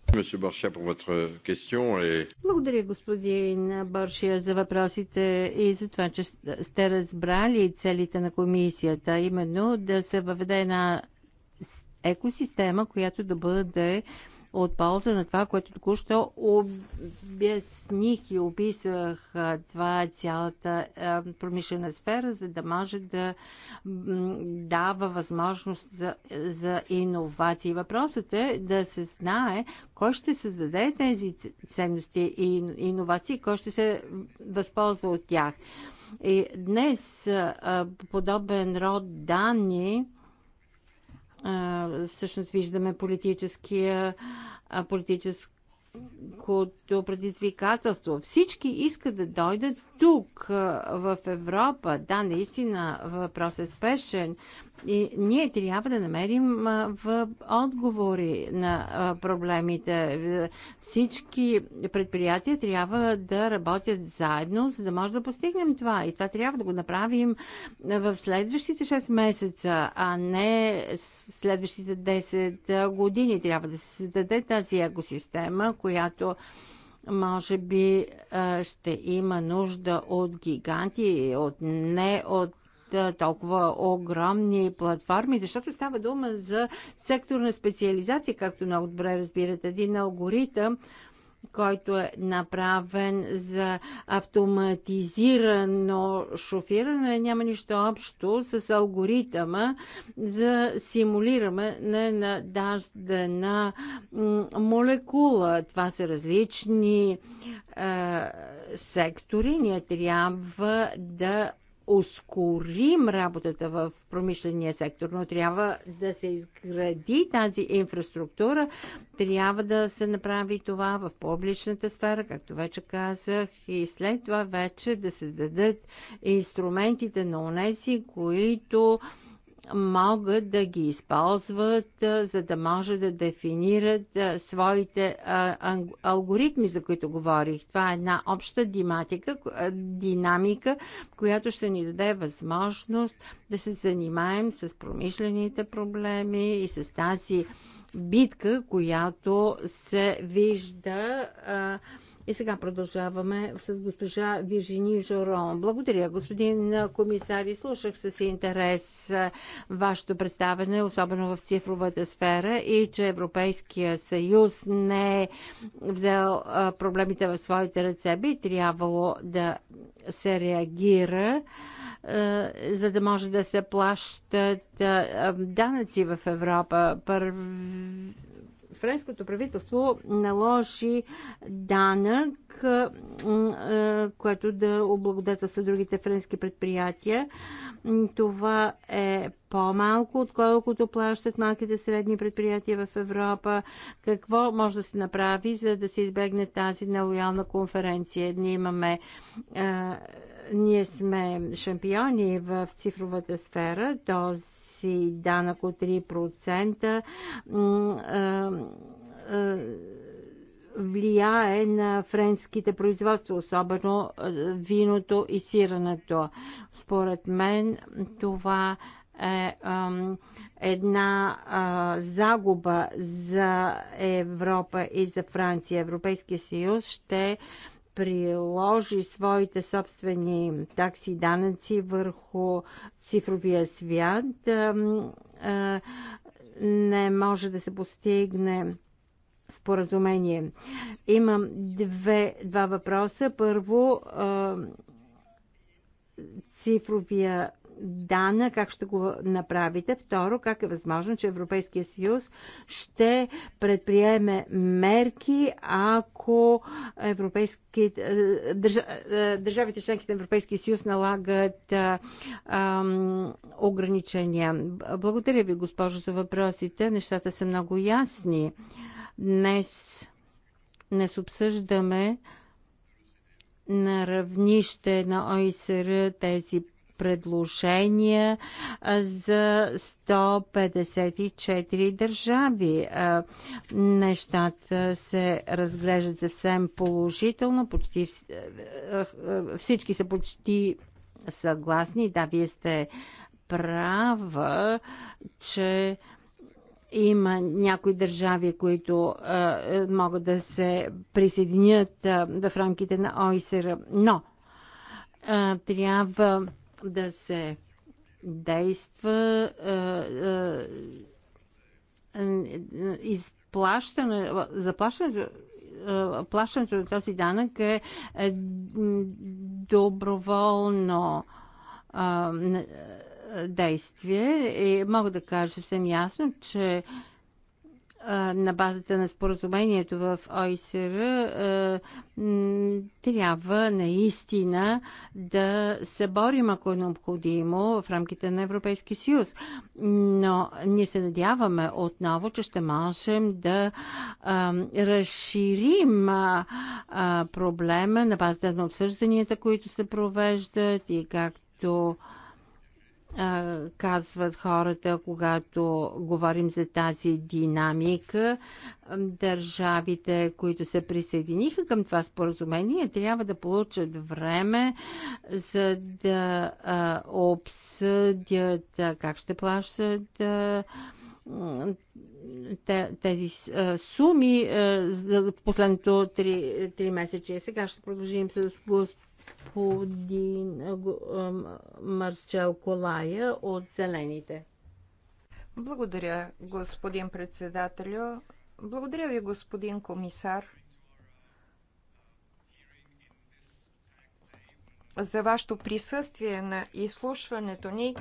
Благодаря, господин Бършия, за въпросите и за това, че сте разбрали целите на комисията, именно да се въведе една екосистема, която да бъде от полза на това, което току-що обясних и описах. Това е цялата промишлена сфера, за да може да дава възможност за, за иновации. Въпросът е да се знае кой ще създаде тези ценности и иновации, кой ще се възползва от тях. И днес подобен род данни всъщност виждаме политическия, политическото предизвикателство. Всички искат да дойдат тук, в Европа. Да, наистина въпрос е спешен, и ние трябва да намерим в отговори на проблемите. Всички предприятия трябва да работят заедно, за да може да постигнем това. И това трябва да го направим в следващите 6 месеца, а не следващите 10 години. Трябва да се създаде тази екосистема, която може би ще има нужда от гиганти, от не от са толкова огромни платформи, защото става дума за секторна специализация, както много добре разбирате. Един алгоритъм, който е направен за автоматизирано шофиране, няма нищо общо с алгоритъма за симулиране на даждена молекула. Това са различни е, сектори. Ние трябва да ускорим работата в промишления сектор, но трябва да се изгради тази инфраструктура, трябва да се направи това в публичната сфера, както вече казах, и след това вече да се дадат инструментите на онези, които а, могат да ги използват, за да може да дефинират своите алгоритми, за които говорих. Това е една обща диматика, динамика, която ще ни даде възможност да се занимаем с промишлените проблеми и с тази битка, която се вижда а, и сега продължаваме с госпожа Виржини Жорон. Благодаря, господин комисар. И слушах с интерес вашето представене, особено в цифровата сфера и че Европейския съюз не е взел проблемите в своите ръце. Би трябвало да се реагира за да може да се плащат данъци в Европа. Първ френското правителство наложи данък, което да са другите френски предприятия. Това е по-малко, отколкото плащат малките средни предприятия в Европа. Какво може да се направи, за да се избегне тази нелоялна конференция? Ние имаме ние сме шампиони в цифровата сфера. Този си данък от 3% влияе на френските производства, особено виното и сирането. Според мен това е една а, загуба за Европа и за Франция. Европейския съюз ще приложи своите собствени такси и данъци върху цифровия свят, не може да се постигне споразумение. Имам две, два въпроса. Първо, цифровия дана, как ще го направите? Второ, как е възможно, че Европейския съюз ще предприеме мерки, ако европейски, е, държа, е, държавите членки на Европейския съюз налагат е, а, ограничения? Благодаря ви, госпожо, за въпросите. Нещата са много ясни. Днес, днес обсъждаме на равнище на ОИСР тези предложения за 154 държави. Нещата се разглеждат съвсем положително, почти всички са почти съгласни. Да, вие сте права, че има някои държави, които а, могат да се присъединят а, в рамките на ОИСР, но а, трябва да се действа е, е, изплащане, заплащането е, плащането на този данък е доброволно действие. И мога да кажа съвсем ясно, че на базата на споразумението в ОИСР трябва наистина да се борим, ако е необходимо, в рамките на Европейския съюз. Но ние се надяваме отново, че ще можем да разширим проблема на базата на обсъжданията, които се провеждат и както казват хората, когато говорим за тази динамика. Държавите, които се присъединиха към това споразумение, трябва да получат време, за да обсъдят как ще плащат тези суми в последното три, три месече. Сега ще продължим с господин господин Марчел Колая от Зелените. Благодаря, господин председателю. Благодаря ви, господин комисар, за вашето присъствие на изслушването ни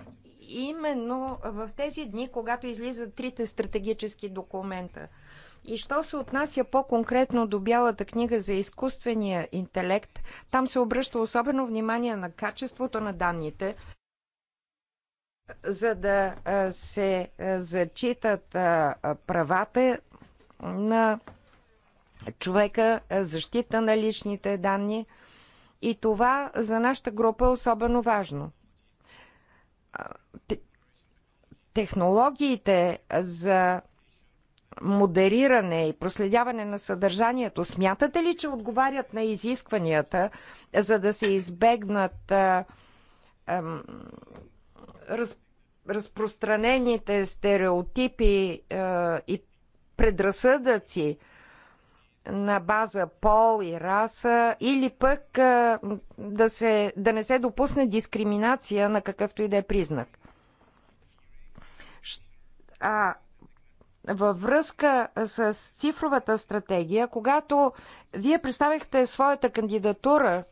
именно в тези дни, когато излизат трите стратегически документа – и що се отнася по-конкретно до Бялата книга за изкуствения интелект, там се обръща особено внимание на качеството на данните, за да се зачитат правата на човека, защита на личните данни. И това за нашата група е особено важно. Технологиите за модериране и проследяване на съдържанието, смятате ли, че отговарят на изискванията, за да се избегнат а, ам, раз, разпространените стереотипи а, и предразсъдъци на база пол и раса, или пък а, да, се, да не се допусне дискриминация на какъвто и да е признак? А във връзка с цифровата стратегия, когато вие представихте своята кандидатура,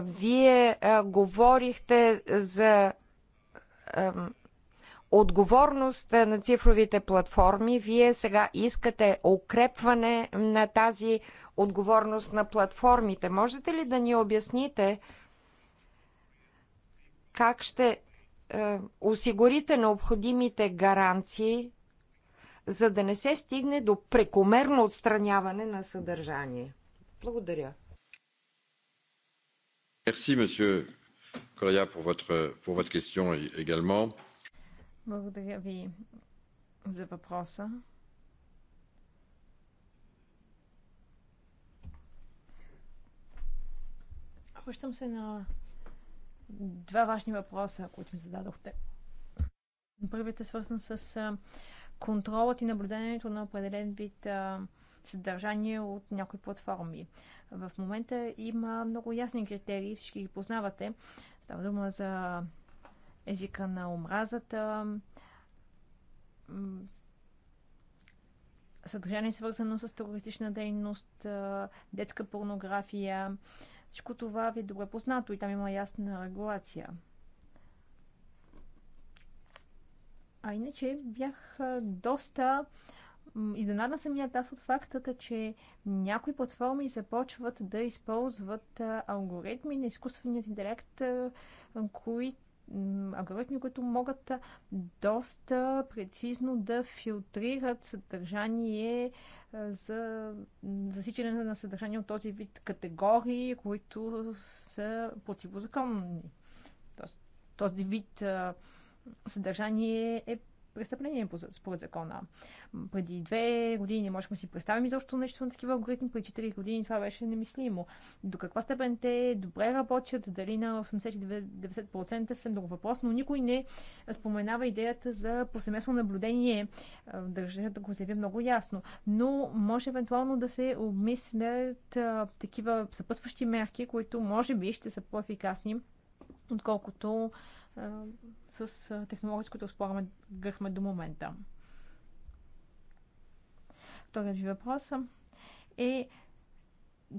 вие говорихте за отговорност на цифровите платформи. Вие сега искате укрепване на тази отговорност на платформите. Можете ли да ни обясните как ще е, осигурите необходимите гаранции, за да не се стигне до прекомерно отстраняване на съдържание. Благодаря. Merci, monsieur Colaya, pour votre, pour votre question également. Благодаря ви за въпроса. Обръщам се на два важни въпроса, които ми зададохте. Първият е свързан с контролът и наблюдението на определен вид съдържание от някои платформи. В момента има много ясни критерии, всички ги познавате. Става дума за езика на омразата, съдържание свързано с терористична дейност, детска порнография, всичко това ви е добре познато и там има ясна регулация. А иначе бях доста изненадан самият аз от фактата, че някои платформи започват да използват алгоритми на изкуствения интелект, които алгоритми, които могат доста прецизно да филтрират съдържание е, за засичане на съдържание от този вид категории, които са противозаконни. Тоест, този вид съдържание е престъпление според закона. Преди две години не можехме да си представим изобщо нещо на такива алгоритми, преди 4 години това беше немислимо. До каква степен те добре работят, дали на 80-90% са много въпрос, но никой не споменава идеята за повсеместно наблюдение. Държа да го заявя много ясно. Но може евентуално да се обмислят а, такива съпъсващи мерки, които може би ще са по-ефикасни, отколкото с технологията, които спораме гъхме до момента. Вторият ви въпрос е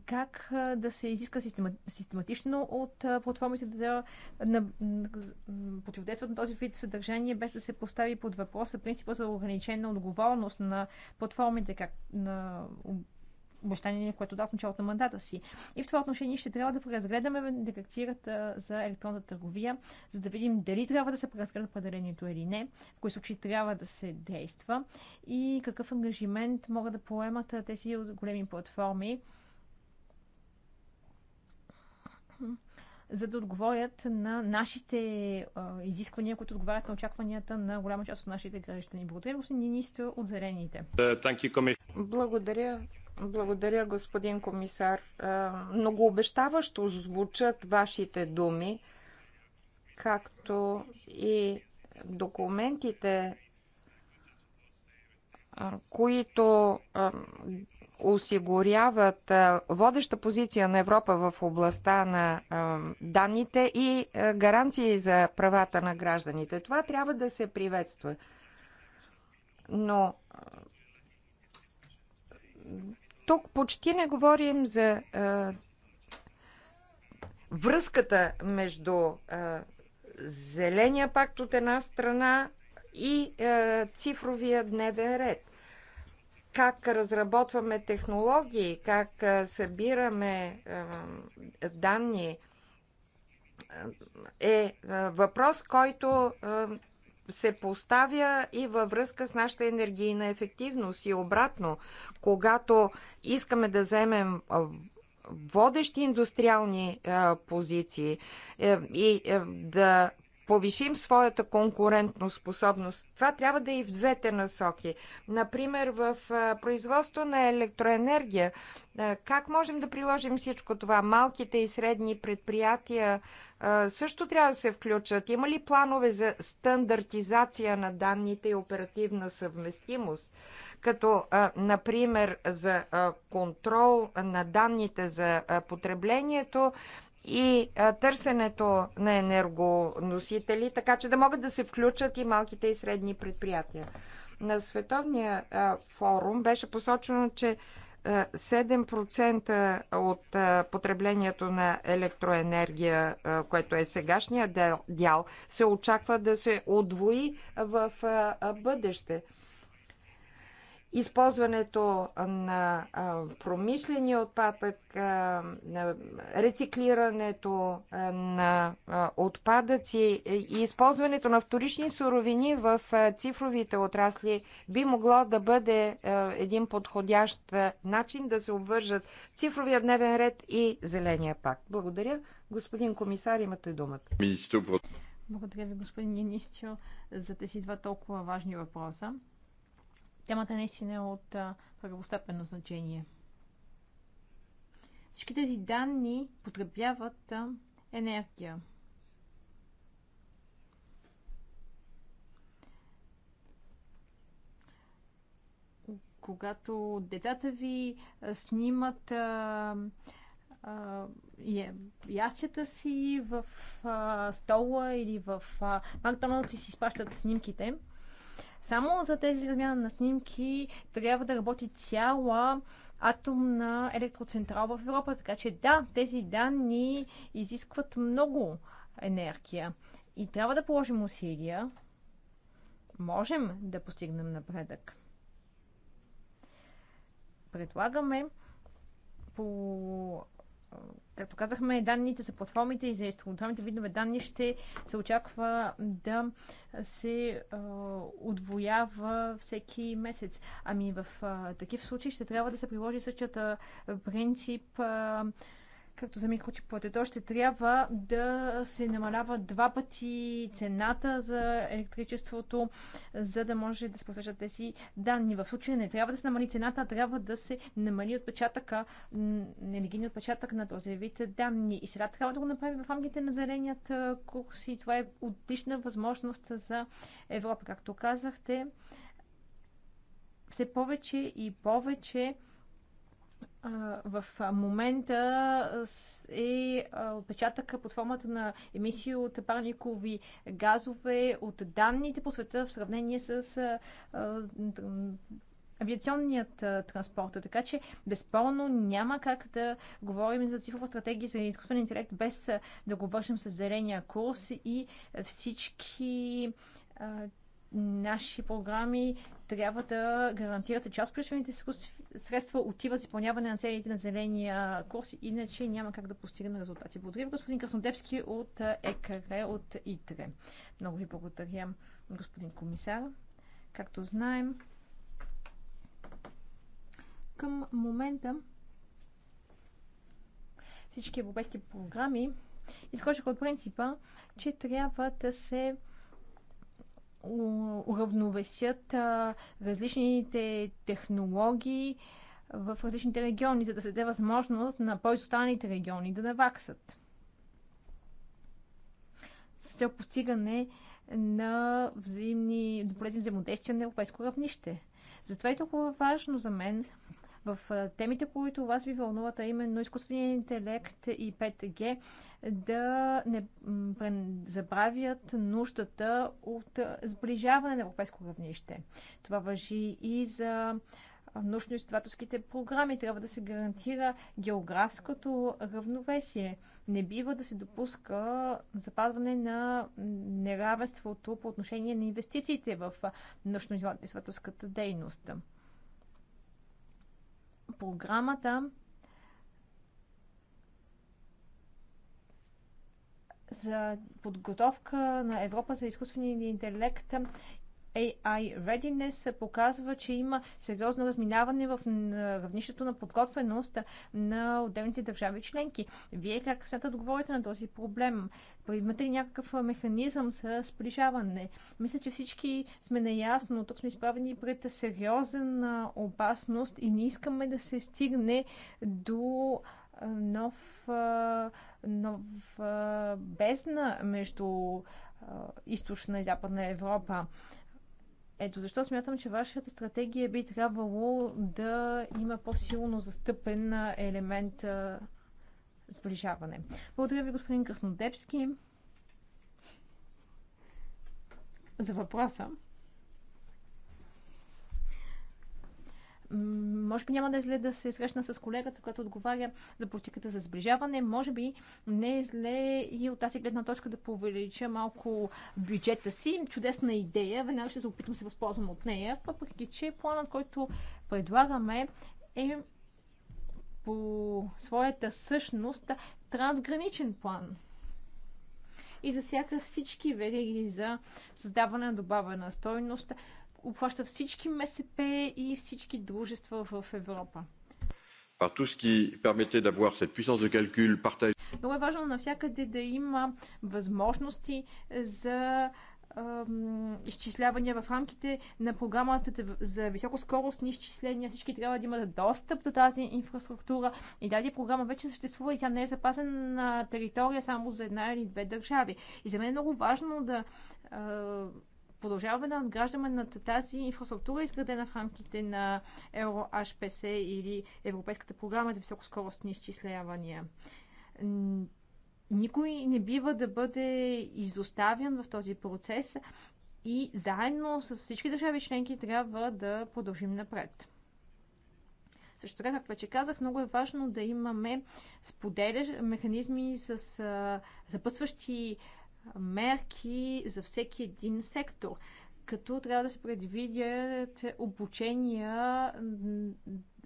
как да се изиска систематично от платформите да на, противодействат на този вид съдържание, без да се постави под въпроса принципа за ограничена отговорност на платформите, как на обещание, което дал в началото на мандата си. И в това отношение ще трябва да преразгледаме директивата за електронната търговия, за да видим дали трябва да се преразгледа определението или не, в кои случаи трябва да се действа и какъв ангажимент могат да поемат тези големи платформи за да отговорят на нашите а, изисквания, които отговарят на очакванията на голяма част от нашите граждани. Благодаря, господин Министр, от Зелените. Uh, Благодаря, благодаря, господин комисар. Е, многообещаващо звучат вашите думи, както и документите, е, които е, осигуряват водеща позиция на Европа в областта на данните и гаранции за правата на гражданите. Това трябва да се приветства. Но тук почти не говорим за а, връзката между а, Зеления пакт от една страна и а, цифровия дневен ред. Как разработваме технологии, как а, събираме а, данни е въпрос, който се поставя и във връзка с нашата енергийна ефективност и обратно, когато искаме да вземем водещи индустриални позиции е, и е, да повишим своята конкурентно способност. Това трябва да е и в двете насоки. Например, в производство на електроенергия. Как можем да приложим всичко това? Малките и средни предприятия също трябва да се включат. Има ли планове за стандартизация на данните и оперативна съвместимост? Като, например, за контрол на данните за потреблението и търсенето на енергоносители, така че да могат да се включат и малките и средни предприятия. На Световния форум беше посочено, че 7% от потреблението на електроенергия, което е сегашния дял, се очаква да се отвои в бъдеще използването на промишления отпадък, рециклирането на отпадъци и използването на вторични суровини в цифровите отрасли би могло да бъде един подходящ начин да се обвържат цифровия дневен ред и зеления пакт. Благодаря. Господин комисар, имате думата. Благодаря ви, господин Министио, за тези два толкова важни въпроса темата наистина е от първостепенно значение. Всички тези данни потребяват енергия. Когато децата ви снимат а, а, ястията си в а, стола или в Макдоналдс и си спащат снимките, само за тези размяна на снимки трябва да работи цяла атомна електроцентрал в Европа. Така че да, тези данни изискват много енергия. И трябва да положим усилия. Можем да постигнем напредък. Предлагаме по Както е, казахме, данните за платформите и за инструменталните видове данни ще се очаква да се а, отвоява всеки месец. Ами в а, такив случай ще трябва да се приложи същата принцип а, както за микротиповете, то ще трябва да се намалява два пъти цената за електричеството, за да може да се посрещат тези данни. В случая не трябва да се намали цената, а трябва да се намали отпечатъка, енергийния отпечатък на този вид данни. И сега трябва да го направим в рамките на зеленият курс и това е отлична възможност за Европа. Както казахте, все повече и повече в момента е отпечатъка под формата на емисии от парникови газове от данните по света в сравнение с авиационният транспорт. Така че, безспорно, няма как да говорим за цифрова стратегия за изкуствен интелект без да го вършим с зеления курс и всички наши програми трябва да гарантират, че част от средства отива за изпълняване на целите на зеления курс, иначе няма как да постигнем резултати. Благодаря ви, господин Краснодепски от ЕКР, от ИТРЕ. Много ви благодаря, господин комисар. Както знаем, към момента всички европейски програми изхождаха от принципа, че трябва да се уравновесят различните технологии в различните региони, за да се даде възможност на по-изостаналите региони да наваксат. С цел постигане на взаимни, полезни взаимодействия на европейско равнище. Затова е толкова важно за мен в темите, които вас ви вълнуват, а именно изкуствения интелект и 5G, да не забравят нуждата от сближаване на европейско равнище. Това въжи и за научно-изследователските програми. Трябва да се гарантира географското равновесие. Не бива да се допуска западване на неравенството по отношение на инвестициите в научно-изследователската дейност програмата за подготовка на Европа за изкуствения интелект AI Readiness показва, че има сериозно разминаване в равнището на подготвеност на отделните държави членки. Вие как смятате да отговорите на този проблем? Имате ли някакъв механизъм за сближаване? Мисля, че всички сме наясно. Тук сме изправени пред сериозен опасност и не искаме да се стигне до нов, нов бездна между източна и западна Европа. Ето защо смятам, че вашата стратегия би трябвало да има по-силно застъпен елемент сближаване. Благодаря ви, господин Краснодепски, за въпроса. Може би няма да е зле да се срещна с колегата, която отговаря за политиката за сближаване. Може би не е зле и от тази гледна точка да повелича малко бюджета си. Чудесна идея. Веднага ще се опитам се възползвам от нея. Въпреки, че планът, който предлагаме е по своята същност трансграничен план и засяга всички вериги за създаване на добавена стойност, обхваща всички МСП и всички дружества в Европа. Много е важно навсякъде да има възможности за изчислявания в рамките на програмата за високоскоростни изчисления. Всички трябва да имат достъп до тази инфраструктура и тази програма вече съществува и тя не е запазена на територия само за една или две държави. И за мен е много важно да продължаваме да надграждаме на тази инфраструктура, изградена в рамките на HPC или Европейската програма за високоскоростни изчислявания. Никой не бива да бъде изоставен в този процес и заедно с всички държави членки трябва да продължим напред. Също така, както вече казах, много е важно да имаме споделящи механизми с запъсващи мерки за всеки един сектор, като трябва да се предвидят обучения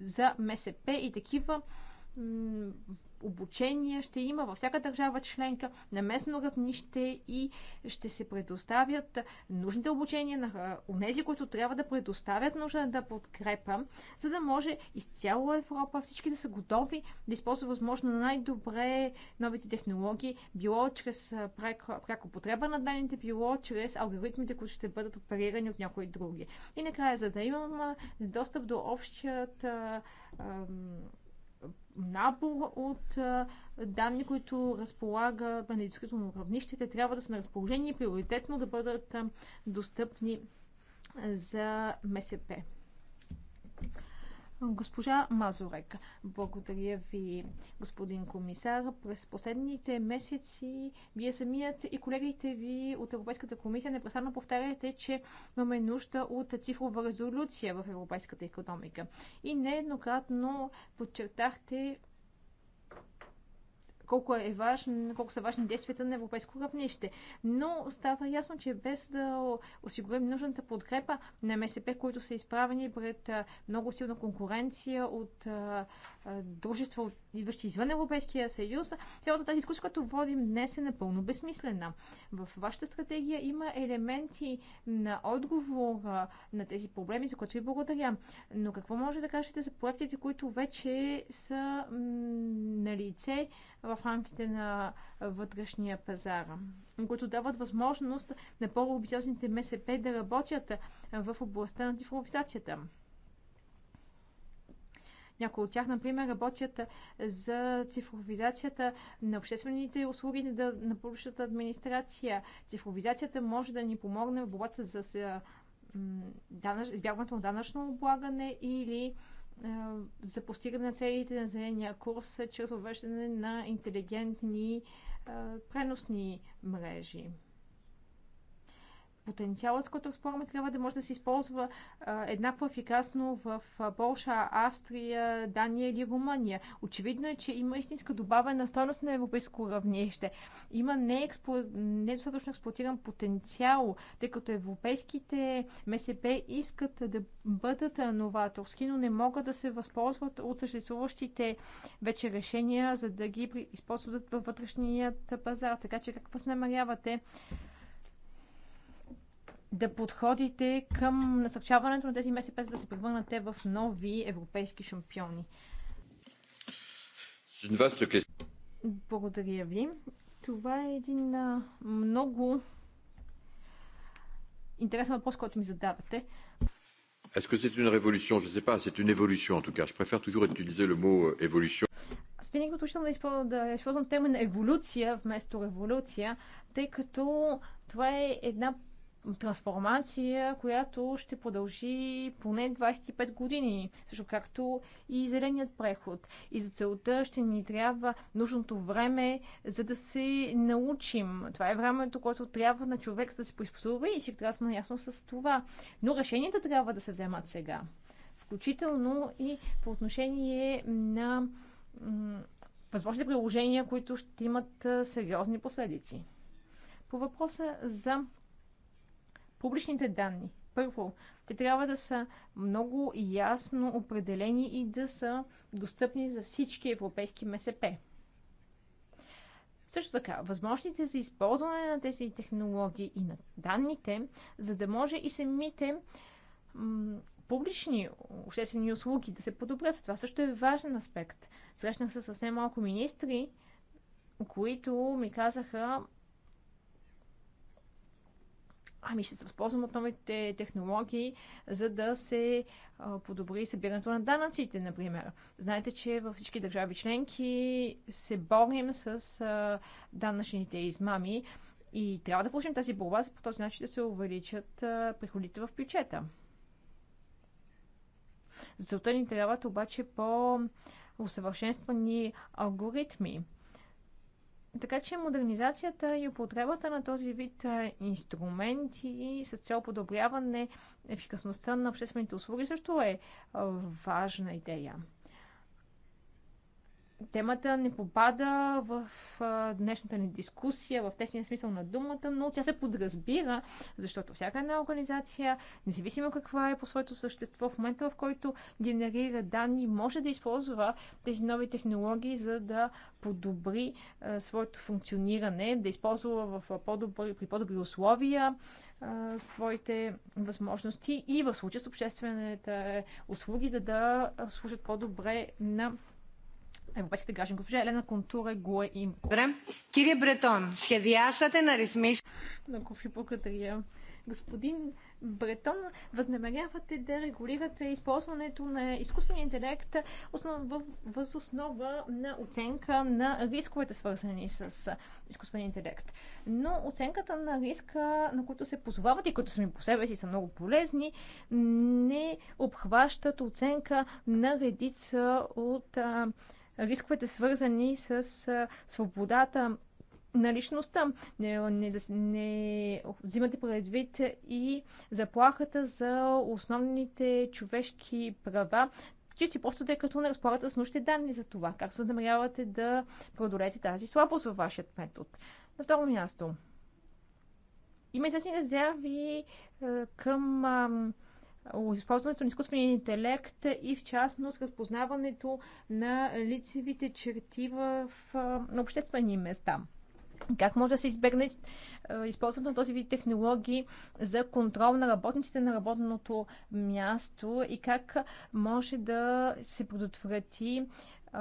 за МСП и такива Обучения ще има във всяка държава членка на местно равнище и ще се предоставят нужните обучения на тези, които трябва да предоставят нужната да подкрепа, за да може изцяло Европа всички да са готови да използват възможно най-добре новите технологии, било чрез пряко потреба на данните, било чрез алгоритмите, които ще бъдат оперирани от някои други. И накрая, за да имам достъп до общият набор от данни, които разполага на равнище. Те трябва да са на разположение и приоритетно да бъдат достъпни за МСП. Госпожа Мазурек, благодаря ви, господин комисар. През последните месеци вие самият и колегите ви от Европейската комисия непрестанно повтаряте, че имаме нужда от цифрова резолюция в европейската економика. И нееднократно подчертахте колко е важен, колко са важни действията на европейско равнище. Но става ясно, че без да осигурим нужната подкрепа на МСП, които са изправени пред много силна конкуренция от дружества, идващи извън Европейския съюз, цялата тази дискусия, която водим днес е напълно безсмислена. В вашата стратегия има елементи на отговор на тези проблеми, за които ви благодаря. Но какво може да кажете за проектите, които вече са на лице в рамките на вътрешния пазар, които дават възможност на по обициозните МСП да работят в областта на цифровизацията? Някои от тях, например, работят е, за цифровизацията на обществените услуги на публичната администрация. Цифровизацията може да ни помогне в борбата с е, избягването на данъчно облагане или е, за постигане на целите на зеления курс чрез въвеждане на интелигентни преносни мрежи потенциалът, с който разполагаме, трябва да може да се използва еднакво ефикасно в Полша, Австрия, Дания или Румъния. Очевидно е, че има истинска добавена стойност на европейско равнище. Има неекспо... недостатъчно експлуатиран потенциал, тъй като европейските МСП искат да бъдат новаторски, но не могат да се възползват от съществуващите вече решения, за да ги използват във вътрешният пазар. Така че какво се намерявате да подходите към насърчаването на тези МСП, за да се превърнат те в нови европейски шампиони? Благодаря ви. Това е един много интересен въпрос, който ми задавате. Est-ce que c'est une révolution Je ne sais pas, c'est une évolution en tout cas. Je préfère toujours utiliser le mot euh, évolution. Аз винаги отучвам да, използвам, да използвам термин еволюция вместо революция, тъй като това е една трансформация, която ще продължи поне 25 години, също както и зеленият преход. И за целта ще ни трябва нужното време, за да се научим. Това е времето, което трябва на човек да се приспособи и ще трябва да сме наясно с това. Но решенията трябва да се вземат сега. Включително и по отношение на възможни приложения, които ще имат сериозни последици. По въпроса за публичните данни. Първо, те трябва да са много ясно определени и да са достъпни за всички европейски МСП. Също така, възможните за използване на тези технологии и на данните, за да може и самите публични обществени услуги да се подобрят. Това също е важен аспект. Срещнах се с немалко министри, които ми казаха, Ами ще се възползвам от новите технологии, за да се подобри събирането на данъците, например. Знаете, че във всички държави членки се борим с данъчните измами и трябва да получим тази борба, за по този начин да се увеличат приходите в бюджета. За целта ни трябват обаче по-усъвършенствани алгоритми. Така че модернизацията и употребата на този вид инструменти с цел подобряване ефикасността на обществените услуги също е важна идея темата не попада в днешната ни дискусия, в тесния смисъл на думата, но тя се подразбира, защото всяка една организация, независимо каква е по своето същество, в момента в който генерира данни, може да използва тези нови технологии, за да подобри своето функциониране, да използва в по-добри, при по-добри условия своите възможности и в случая с обществените услуги да, да служат по-добре на европейските граждани. Госпожа Елена Контура го е им. Кирие Бретон, σχεδιάσατε на ρυθμίσετε. Много ви благодаря. Господин Бретон, възнамерявате да регулирате използването на изкуствения интелект въз основа на оценка на рисковете, свързани с изкуствения интелект. Но оценката на риска, на които се позовават и които сами по себе си са много полезни, не обхващат оценка на редица от а, рисковете свързани с свободата на личността. Не, не, не взимате предвид и заплахата за основните човешки права, чисти просто тъй като не разполагате с нужните данни за това. Как се намерявате да преодолеете тази слабост във вашият метод? На второ място. Има известни резерви към използването на изкуствения интелект и в частност разпознаването на лицевите черти в обществени места. Как може да се избегне използването на този вид технологии за контрол на работниците на работното място и как може да се предотврати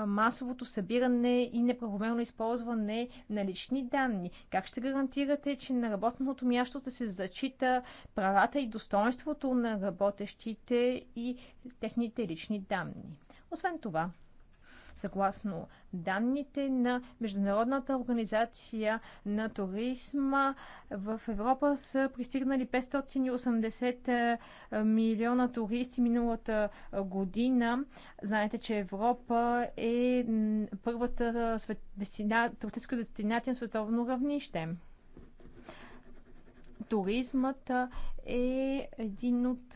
масовото събиране и неправомерно използване на лични данни? Как ще гарантирате, че на работното място ще се зачита правата и достоинството на работещите и техните лични данни? Освен това, Съгласно данните на Международната организация на туризма, в Европа са пристигнали 580 е, милиона туристи миналата година. Знаете, че Европа е първата туристическа дестинация на световно равнище туризмът е един от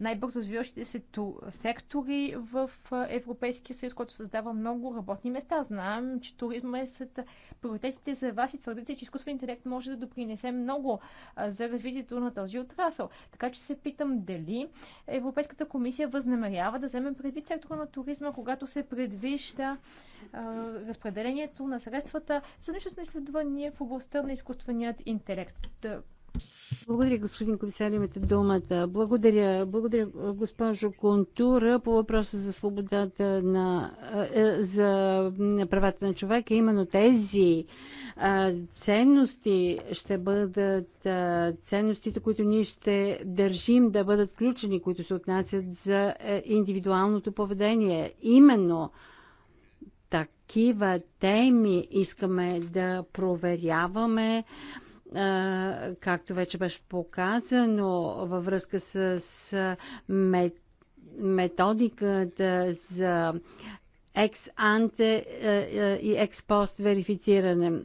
най-бързо развиващите се сектори в Европейския съюз, който създава много работни места. Знаем, че туризма е сред приоритетите за вас и твърдите, че изкуствен интелект може да допринесе много за развитието на този отрасъл. Така че се питам дали Европейската комисия възнамерява да вземе предвид сектора на туризма, когато се предвижда разпределението на средствата за научно изследвания в областта на изкуственият интелект. Благодаря, господин комисар, имате думата. Благодаря, благодаря госпожо Контура по въпроса за свободата на, е, е, за на правата на човека. Именно тези а, ценности ще бъдат а, ценностите, които ние ще държим да бъдат включени, които се отнасят за е, индивидуалното поведение. Именно такива теми искаме да проверяваме както вече беше показано във връзка с методиката за екс-анте и екс-пост верифициране.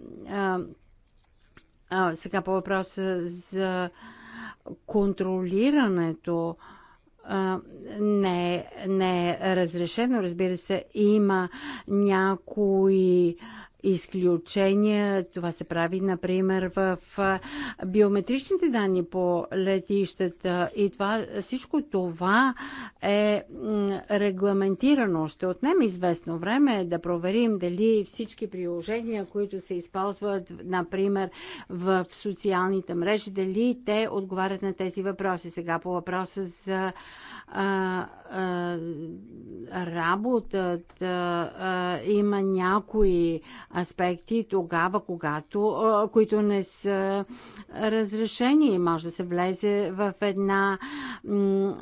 сега по въпроса за контролирането не, не е разрешено. Разбира се, има някои а, изключения. Това се прави, например, в биометричните данни по летищата и това, всичко това е регламентирано. Ще отнеме известно време да проверим дали всички приложения, които се използват, например, в социалните мрежи, дали те отговарят на тези въпроси. Сега по въпроса за а, работата а, има някои аспекти тогава, когато, а, които не са разрешени. Може да се влезе в една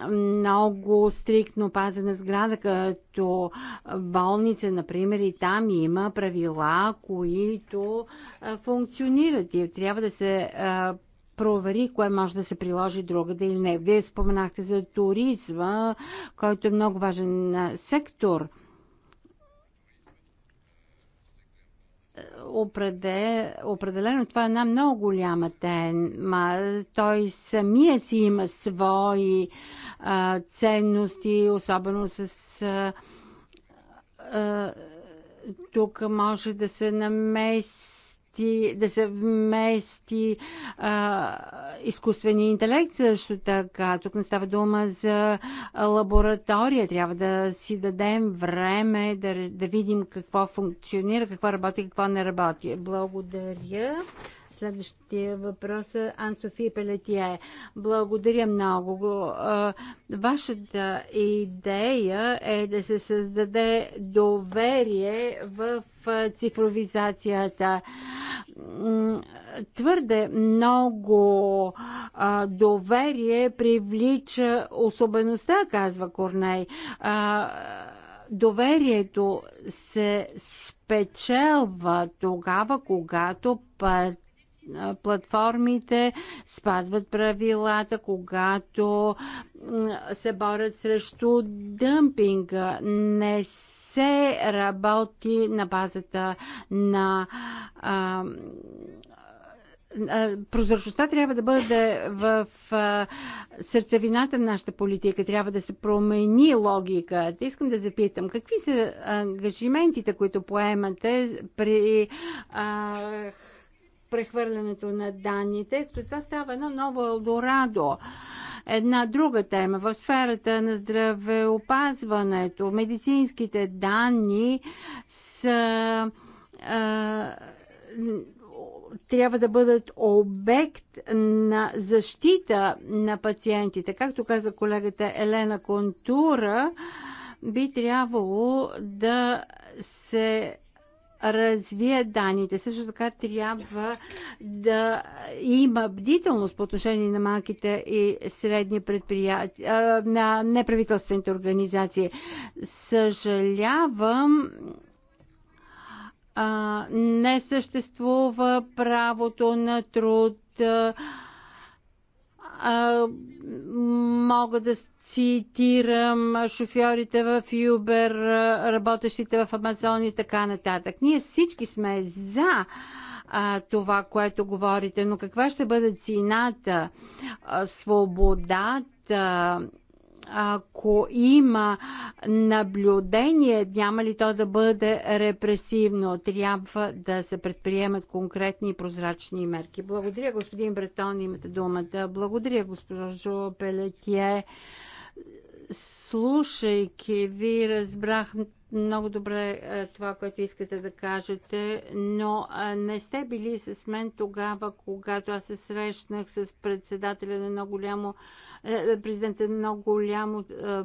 много стриктно пазена сграда, като болница, например, и там има правила, които а, функционират и трябва да се а, провери кое може да се приложи другаде да или не. Вие споменахте за туризма, който е много важен сектор. определено това е една много голяма тема. Той самия си има свои а, ценности, особено с. А, а, тук може да се намеси вмести, да се вмести а, изкуствения интелект също така. Тук не става дума за лаборатория. Трябва да си дадем време да, да видим какво функционира, какво работи, какво не работи. Благодаря. Следващия въпрос е Ансофия Пелетие. Благодаря много. Вашата идея е да се създаде доверие в цифровизацията. Твърде много доверие привлича особеността, казва Корней доверието се спечелва тогава, когато път платформите спазват правилата, когато се борят срещу дъмпинга. Не се работи на базата на а, прозрачността трябва да бъде в сърцевината на нашата политика. Трябва да се промени логиката. Искам да запитам, какви са ангажиментите, които поемате при а, прехвърлянето на данните, като това става едно ново Елдорадо. Една друга тема в сферата на здравеопазването, медицинските данни са а, трябва да бъдат обект на защита на пациентите. Както каза колегата Елена Контура, би трябвало да се развие данните. Също така трябва да има бдителност по отношение на малките и средни предприятия, на неправителствените организации. Съжалявам, не съществува правото на труд, мога да цитирам шофьорите в Uber, работещите в Амазон и така нататък. Ние всички сме за а, това, което говорите, но каква ще бъде цената? свободата, ако има наблюдение, няма ли то да бъде репресивно? Трябва да се предприемат конкретни и прозрачни мерки. Благодаря, господин Бретон, имате думата. Благодаря, госпожо Пелетие. Слушайки ви, разбрах много добре е, това, което искате да кажете, но е, не сте били с мен тогава, когато аз се срещнах с председателя на едно голямо е, е, президент е много голямо е,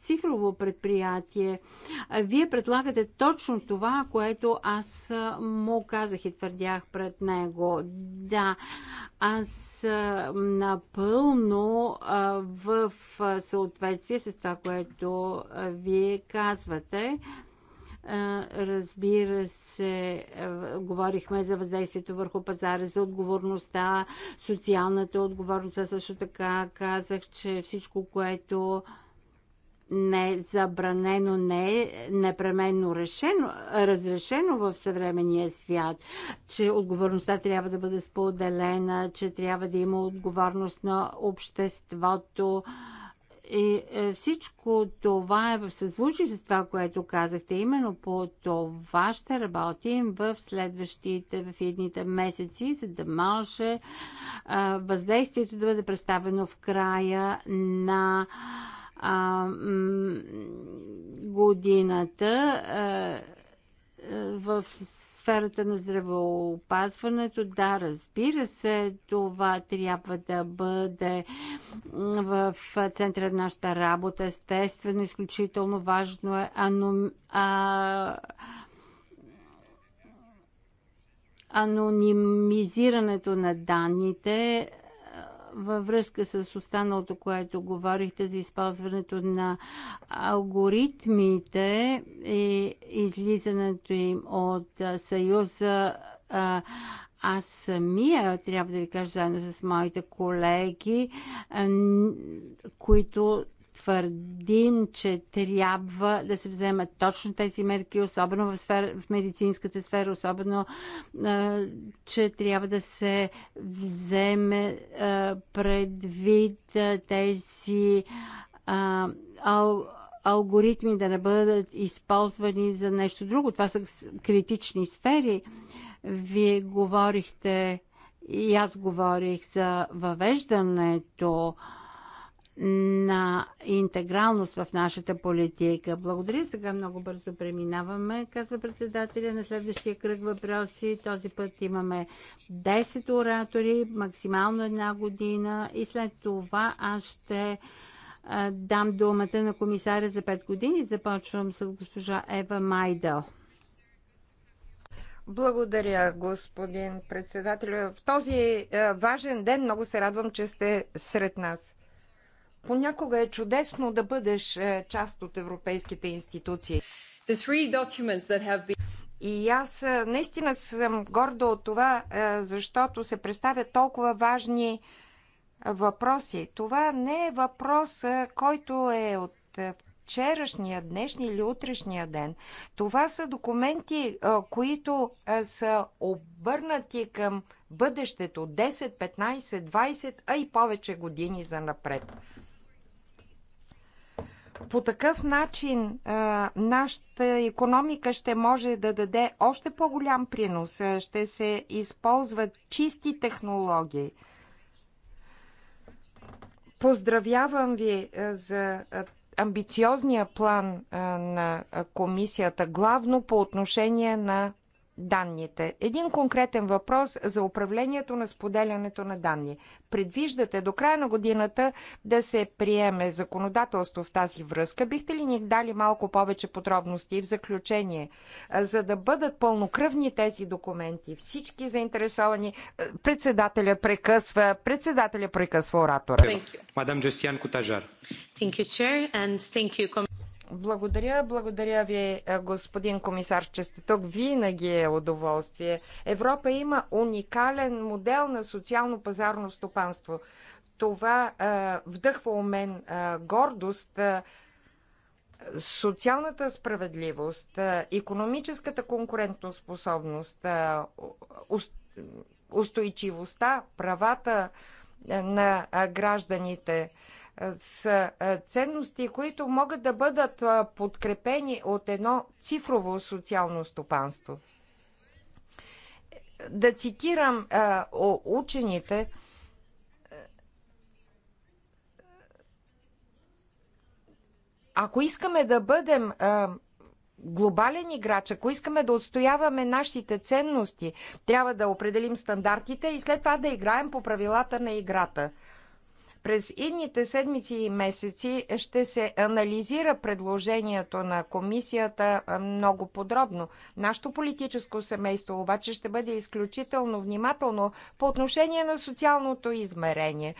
цифрово предприятие. Вие предлагате точно това, което аз му казах и твърдях пред него. Да, аз напълно в съответствие с това, което вие казвате, Разбира се, говорихме за въздействието върху пазара, за отговорността, социалната отговорност. Също така казах, че всичко, което не е забранено, не е непременно решено, разрешено в съвременния свят, че отговорността трябва да бъде споделена, че трябва да има отговорност на обществото и е, всичко това е в съзвучие с това, което казахте. Именно по това ще работим в следващите, в едните месеци, за да може е, въздействието да бъде представено в края на годината. Е, в сферата на здравеопазването. Да, разбира се, това трябва да бъде в центъра на нашата работа. Естествено, изключително важно е. Аном... А анонимизирането на данните във връзка с останалото, което говорихте за използването на алгоритмите и излизането им от Съюза, аз самия трябва да ви кажа заедно с моите колеги, които твърдим, че трябва да се вземат точно тези мерки, особено в, сфера, в медицинската сфера, особено, че трябва да се вземе предвид тези алгоритми да не бъдат използвани за нещо друго. Това са критични сфери. Вие говорихте и аз говорих за въвеждането на интегралност в нашата политика. Благодаря. Сега много бързо преминаваме, казва председателя на следващия кръг въпроси. Този път имаме 10 оратори, максимално една година и след това аз ще е, дам думата на комисаря за 5 години. Започвам с госпожа Ева Майдъл. Благодаря, господин председател. В този е, важен ден много се радвам, че сте сред нас. Понякога е чудесно да бъдеш е, част от европейските институции. Been... И аз е, наистина съм горда от това, е, защото се представят толкова важни въпроси. Това не е въпрос, който е от вчерашния, днешния или утрешния ден. Това са документи, които са обърнати към бъдещето 10, 15, 20, а и повече години за напред. По такъв начин а, нашата економика ще може да даде още по-голям принос. Ще се използват чисти технологии. Поздравявам ви за амбициозния план на комисията, главно по отношение на данните. Един конкретен въпрос за управлението на споделянето на данни. Предвиждате до края на годината да се приеме законодателство в тази връзка. Бихте ли ни дали малко повече подробности в заключение, за да бъдат пълнокръвни тези документи? Всички заинтересовани. Председателя прекъсва, председателя прекъсва оратора. Мадам Джестиан Кутажар. Thank you, Chair, and thank you, благодаря, благодаря ви, господин комисар, че сте тук. Винаги е удоволствие. Европа има уникален модел на социално-пазарно стопанство. Това е, вдъхва у мен е, гордост. Е, социалната справедливост, е, економическата конкурентоспособност, е, устойчивостта, правата на гражданите – с ценности, които могат да бъдат подкрепени от едно цифрово социално стопанство. Да цитирам учените, ако искаме да бъдем глобален играч, ако искаме да отстояваме нашите ценности, трябва да определим стандартите и след това да играем по правилата на играта. През идните седмици и месеци ще се анализира предложението на комисията много подробно. Нашето политическо семейство обаче ще бъде изключително внимателно по отношение на социалното измерение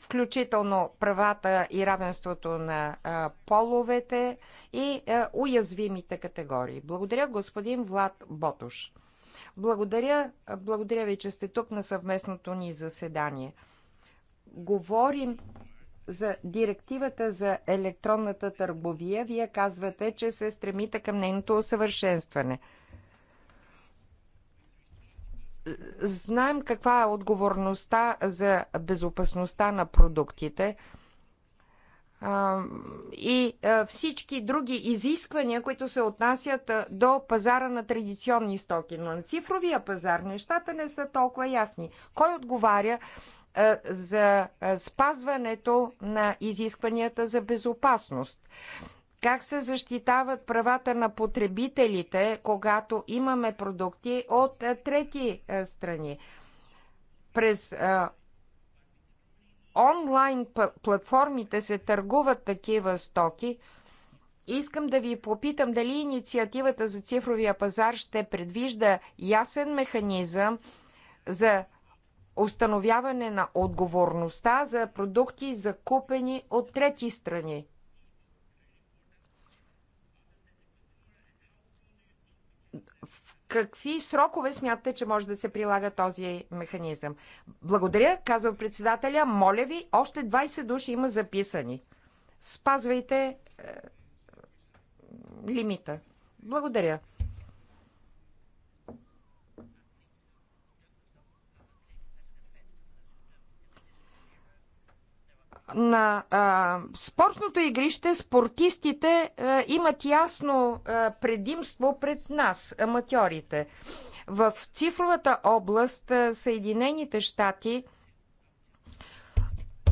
включително правата и равенството на половете и уязвимите категории. Благодаря господин Влад Ботош. Благодаря, благодаря ви, че сте тук на съвместното ни заседание говорим за директивата за електронната търговия, вие казвате, че се стремите към нейното усъвършенстване. Знаем каква е отговорността за безопасността на продуктите и всички други изисквания, които се отнасят до пазара на традиционни стоки. Но на цифровия пазар нещата не са толкова ясни. Кой отговаря за спазването на изискванията за безопасност. Как се защитават правата на потребителите, когато имаме продукти от трети страни? През онлайн платформите се търгуват такива стоки. Искам да ви попитам дали инициативата за цифровия пазар ще предвижда ясен механизъм за установяване на отговорността за продукти, закупени от трети страни. В какви срокове смятате, че може да се прилага този механизъм? Благодаря, казва председателя. Моля ви, още 20 души има записани. Спазвайте е, лимита. Благодаря. на а, спортното игрище спортистите а, имат ясно а, предимство пред нас, аматьорите. В цифровата област а, Съединените щати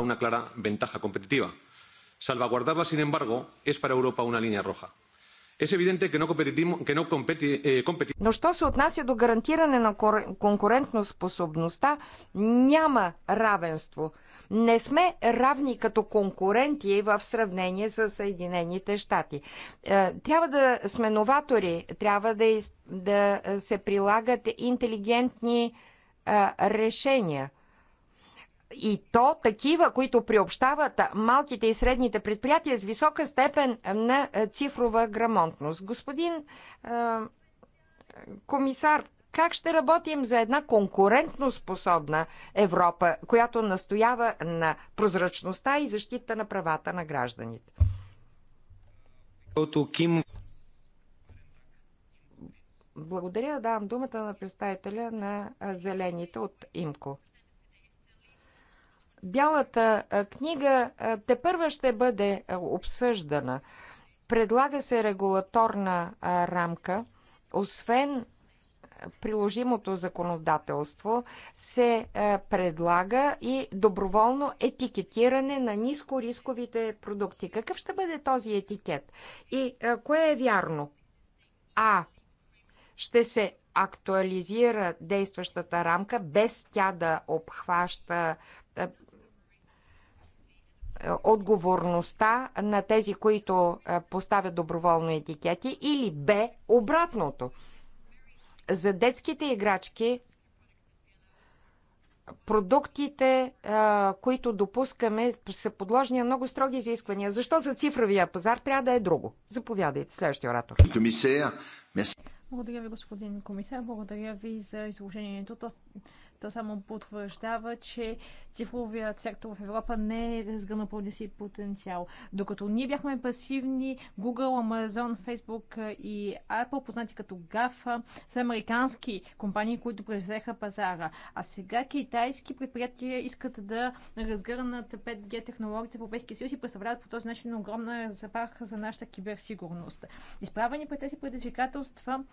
una clara ventaja competitiva. Salvaguardarla, sin embargo, es para Europa una línea roja. Es evidente que no, competimos. que no competi, eh, competi... Но що се отнася до гарантиране на конкурентоспособността, няма равенство – не сме равни като конкуренти в сравнение с Съединените щати. Е, трябва да сме новатори, трябва да, из, да се прилагат интелигентни а, е, решения. И то такива, които приобщават малките и средните предприятия с висока степен на е, цифрова грамотност. Господин а, комисар, как ще работим за една конкурентно способна Европа, която настоява на прозрачността и защита на правата на гражданите? Благодаря, давам думата на представителя на Зелените от ИМКО. Бялата книга те първа ще бъде обсъждана. Предлага се регулаторна рамка, освен приложимото законодателство се е, предлага и доброволно етикетиране на нискорисковите продукти. Какъв ще бъде този етикет? И е, кое е вярно? А. Ще се актуализира действащата рамка, без тя да обхваща е, отговорността на тези, които поставят доброволно етикети, или Б, обратното – за детските играчки продуктите, които допускаме, са подложни на много строги изисквания. Защо за цифровия пазар трябва да е друго? Заповядайте, следващия оратор. Благодаря ви, господин комисар. Благодаря ви за изложението. То само потвърждава, че цифровият сектор в Европа не е разгънал пълния си потенциал. Докато ние бяхме пасивни, Google, Amazon, Facebook и Apple, познати като GAFA, са американски компании, които превзеха пазара. А сега китайски предприятия искат да разгърнат 5G технологиите в Европейския съюз и представляват по този начин огромна запах за нашата киберсигурност. Изправени пред тези предизвикателства,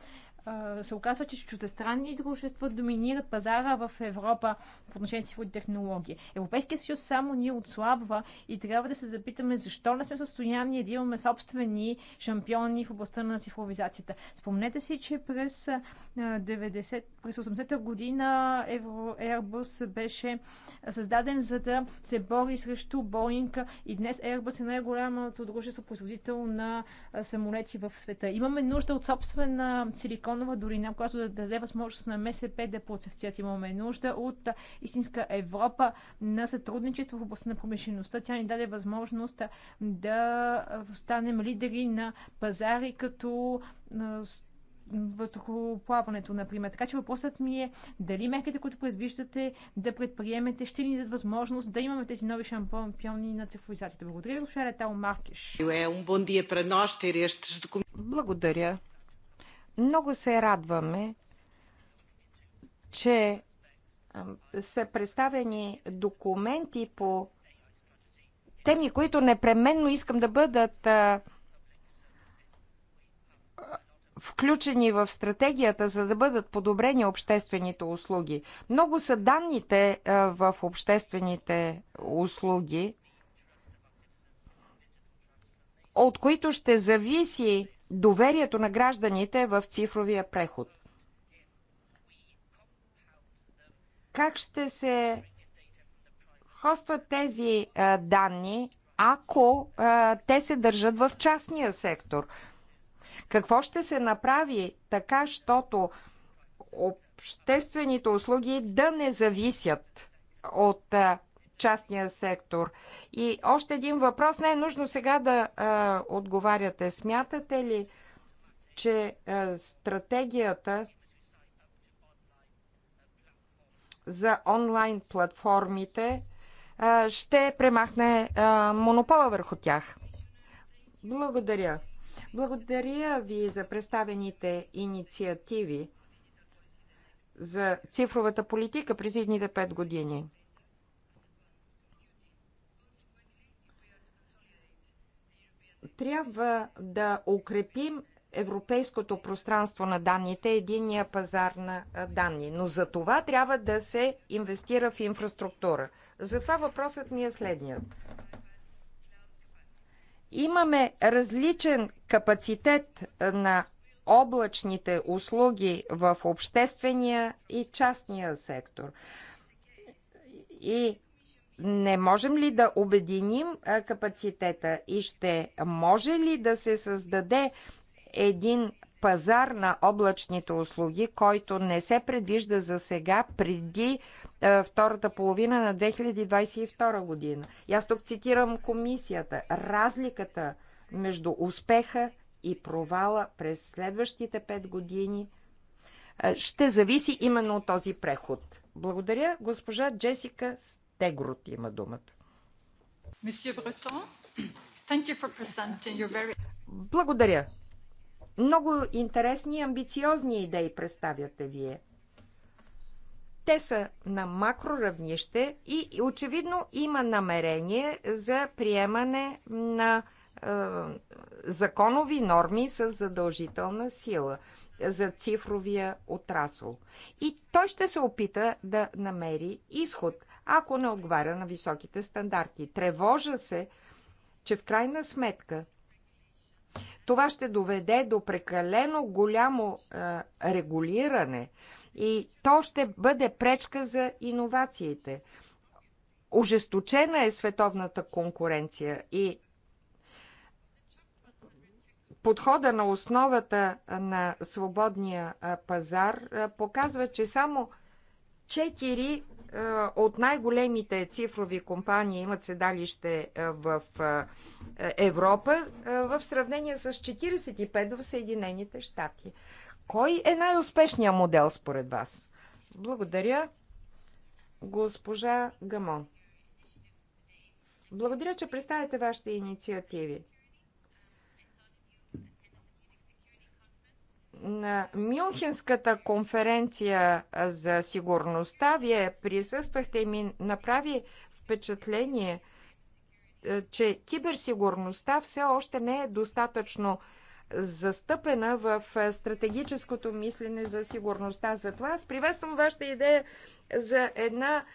се оказва, че чуждестранни дружества доминират пазара в Европа по отношение на цифрови технологии. Европейския съюз само ни отслабва и трябва да се запитаме защо не сме в състояние да имаме собствени шампиони в областта на цифровизацията. Спомнете си, че през, 90, през 80-та година Евро, Airbus беше създаден за да се бори срещу Боинг и днес Airbus е най-голямото дружество производител на самолети в света. Имаме нужда от собствена силиконова долина, която да даде възможност на МСП да процъфтят. Имаме нужда от истинска Европа на сътрудничество в областта на промишлеността. Тя ни даде възможност да станем лидери на пазари като въздухоплаването, например. Така че въпросът ми е дали мерките, които предвиждате да предприемете, ще ни дадат възможност да имаме тези нови шампиони на цифровизацията. Благодаря ви, госпожа Летал маркиш. Е, е Благодаря. Много се радваме, че са представени документи по теми, които непременно искам да бъдат включени в стратегията, за да бъдат подобрени обществените услуги. Много са данните в обществените услуги, от които ще зависи доверието на гражданите в цифровия преход. Как ще се хостват тези а, данни, ако а, те се държат в частния сектор? Какво ще се направи така, щото обществените услуги да не зависят от а, частния сектор? И още един въпрос. Не е нужно сега да а, отговаряте. Смятате ли, че а, стратегията за онлайн платформите ще премахне монопола върху тях. Благодаря. Благодаря ви за представените инициативи за цифровата политика през едните 5 години. Трябва да укрепим европейското пространство на данните, единния пазар на данни. Но за това трябва да се инвестира в инфраструктура. Затова въпросът ми е следният. Имаме различен капацитет на облачните услуги в обществения и частния сектор. И не можем ли да обединим капацитета и ще може ли да се създаде един пазар на облачните услуги, който не се предвижда за сега преди е, втората половина на 2022 година. И аз тук цитирам комисията. Разликата между успеха и провала през следващите 5 години е, ще зависи именно от този преход. Благодаря. Госпожа Джесика Стегрут има думата. Бретон, Благодаря, много интересни и амбициозни идеи представяте вие. Те са на макроравнище и очевидно има намерение за приемане на е, законови норми с задължителна сила за цифровия отрасъл. И той ще се опита да намери изход, ако не отговаря на високите стандарти. Тревожа се, че в крайна сметка това ще доведе до прекалено голямо регулиране и то ще бъде пречка за иновациите. Ожесточена е световната конкуренция и подхода на основата на свободния пазар показва, че само 4 е, от най-големите цифрови компании имат седалище е, в е, Европа в сравнение с 45 в Съединените щати. Кой е най-успешният модел според вас? Благодаря, госпожа Гамон. Благодаря, че представяте вашите инициативи. На Мюнхенската конференция за сигурността вие присъствахте и ми направи впечатление, е, че киберсигурността все още не е достатъчно застъпена в е, стратегическото мислене за сигурността. Затова аз приветствам вашата идея за една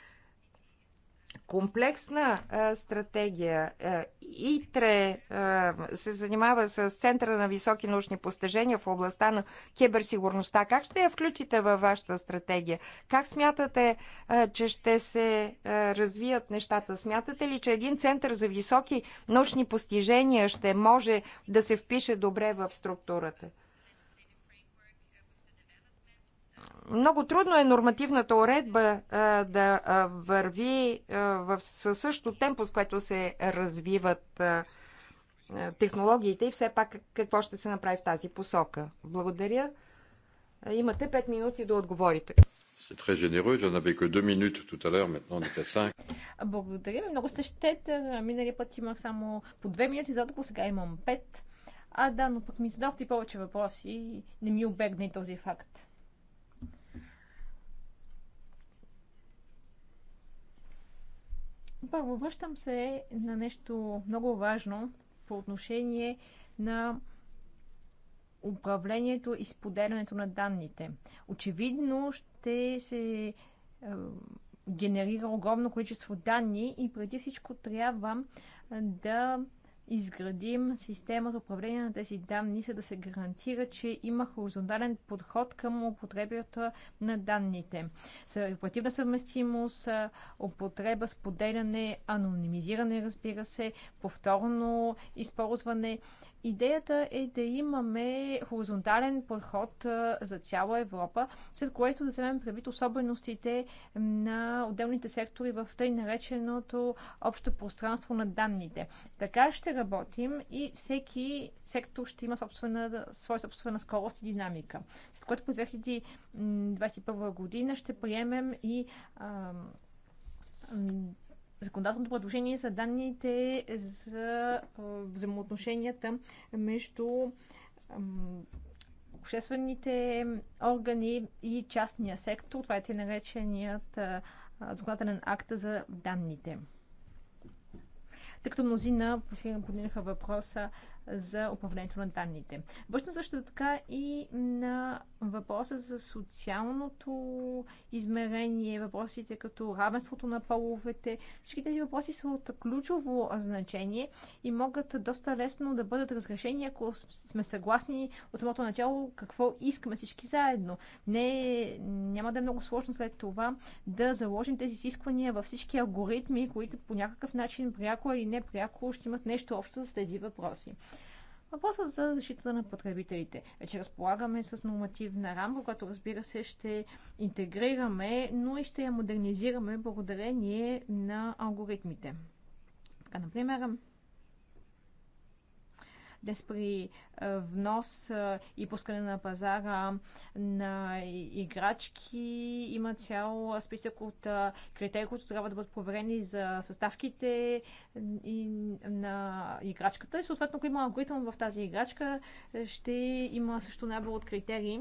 комплексна а, стратегия. А, ИТРЕ а, се занимава с Центъра на високи научни постижения в областта на киберсигурността. Как ще я включите във вашата стратегия? Как смятате, а, че ще се а, развият нещата? Смятате ли, че един Център за високи научни постижения ще може да се впише добре в структурата? Много трудно е нормативната уредба да върви в същото темпо, с което се развиват технологиите и все пак какво ще се направи в тази посока. Благодаря. Имате 5 минути да отговорите. C'est très généreux. J'en avais que deux minutes tout à l'heure. Maintenant, on est à cinq. Благодаря ви. Много сте щедър. Миналия път имах само по две минути за отговор, сега имам пет. А да, но пък ми задохте повече въпроси и не ми обегна и този факт. Първо, връщам се на нещо много важно по отношение на управлението и споделянето на данните. Очевидно ще се е, генерира огромно количество данни и преди всичко трябва да изградим система за управление на тези данни, за да се гарантира, че има хоризонтален подход към употребата на данните. Оперативна съвместимост, употреба, споделяне, анонимизиране, разбира се, повторно използване Идеята е да имаме хоризонтален подход за цяла Европа, след което да вземем предвид особеностите на отделните сектори в тъй нареченото общо пространство на данните. Така ще работим и всеки сектор ще има собствена, своя собствена скорост и динамика. След което през 2021 година ще приемем и законодателното предложение са данните за взаимоотношенията между обществените органи и частния сектор. Това е те нареченият законодателен акт за данните. Тъй като мнозина подигнаха въпроса за управлението на данните. Връщам също така и на въпроса за социалното измерение, въпросите като равенството на половете. Всички тези въпроси са от ключово значение и могат доста лесно да бъдат разрешени, ако сме съгласни от самото начало какво искаме всички заедно. Не, няма да е много сложно след това да заложим тези изисквания във всички алгоритми, които по някакъв начин, пряко или непряко, ще имат нещо общо с тези въпроси. Въпросът за защита на потребителите. Вече разполагаме с нормативна рамка, която разбира се ще интегрираме, но и ще я модернизираме благодарение на алгоритмите. Така, например, да внос и пускане на пазара на играчки. Има цял списък от критерии, които трябва да бъдат проверени за съставките на играчката. И съответно, ако има алгоритъм в тази играчка, ще има също набор от критерии,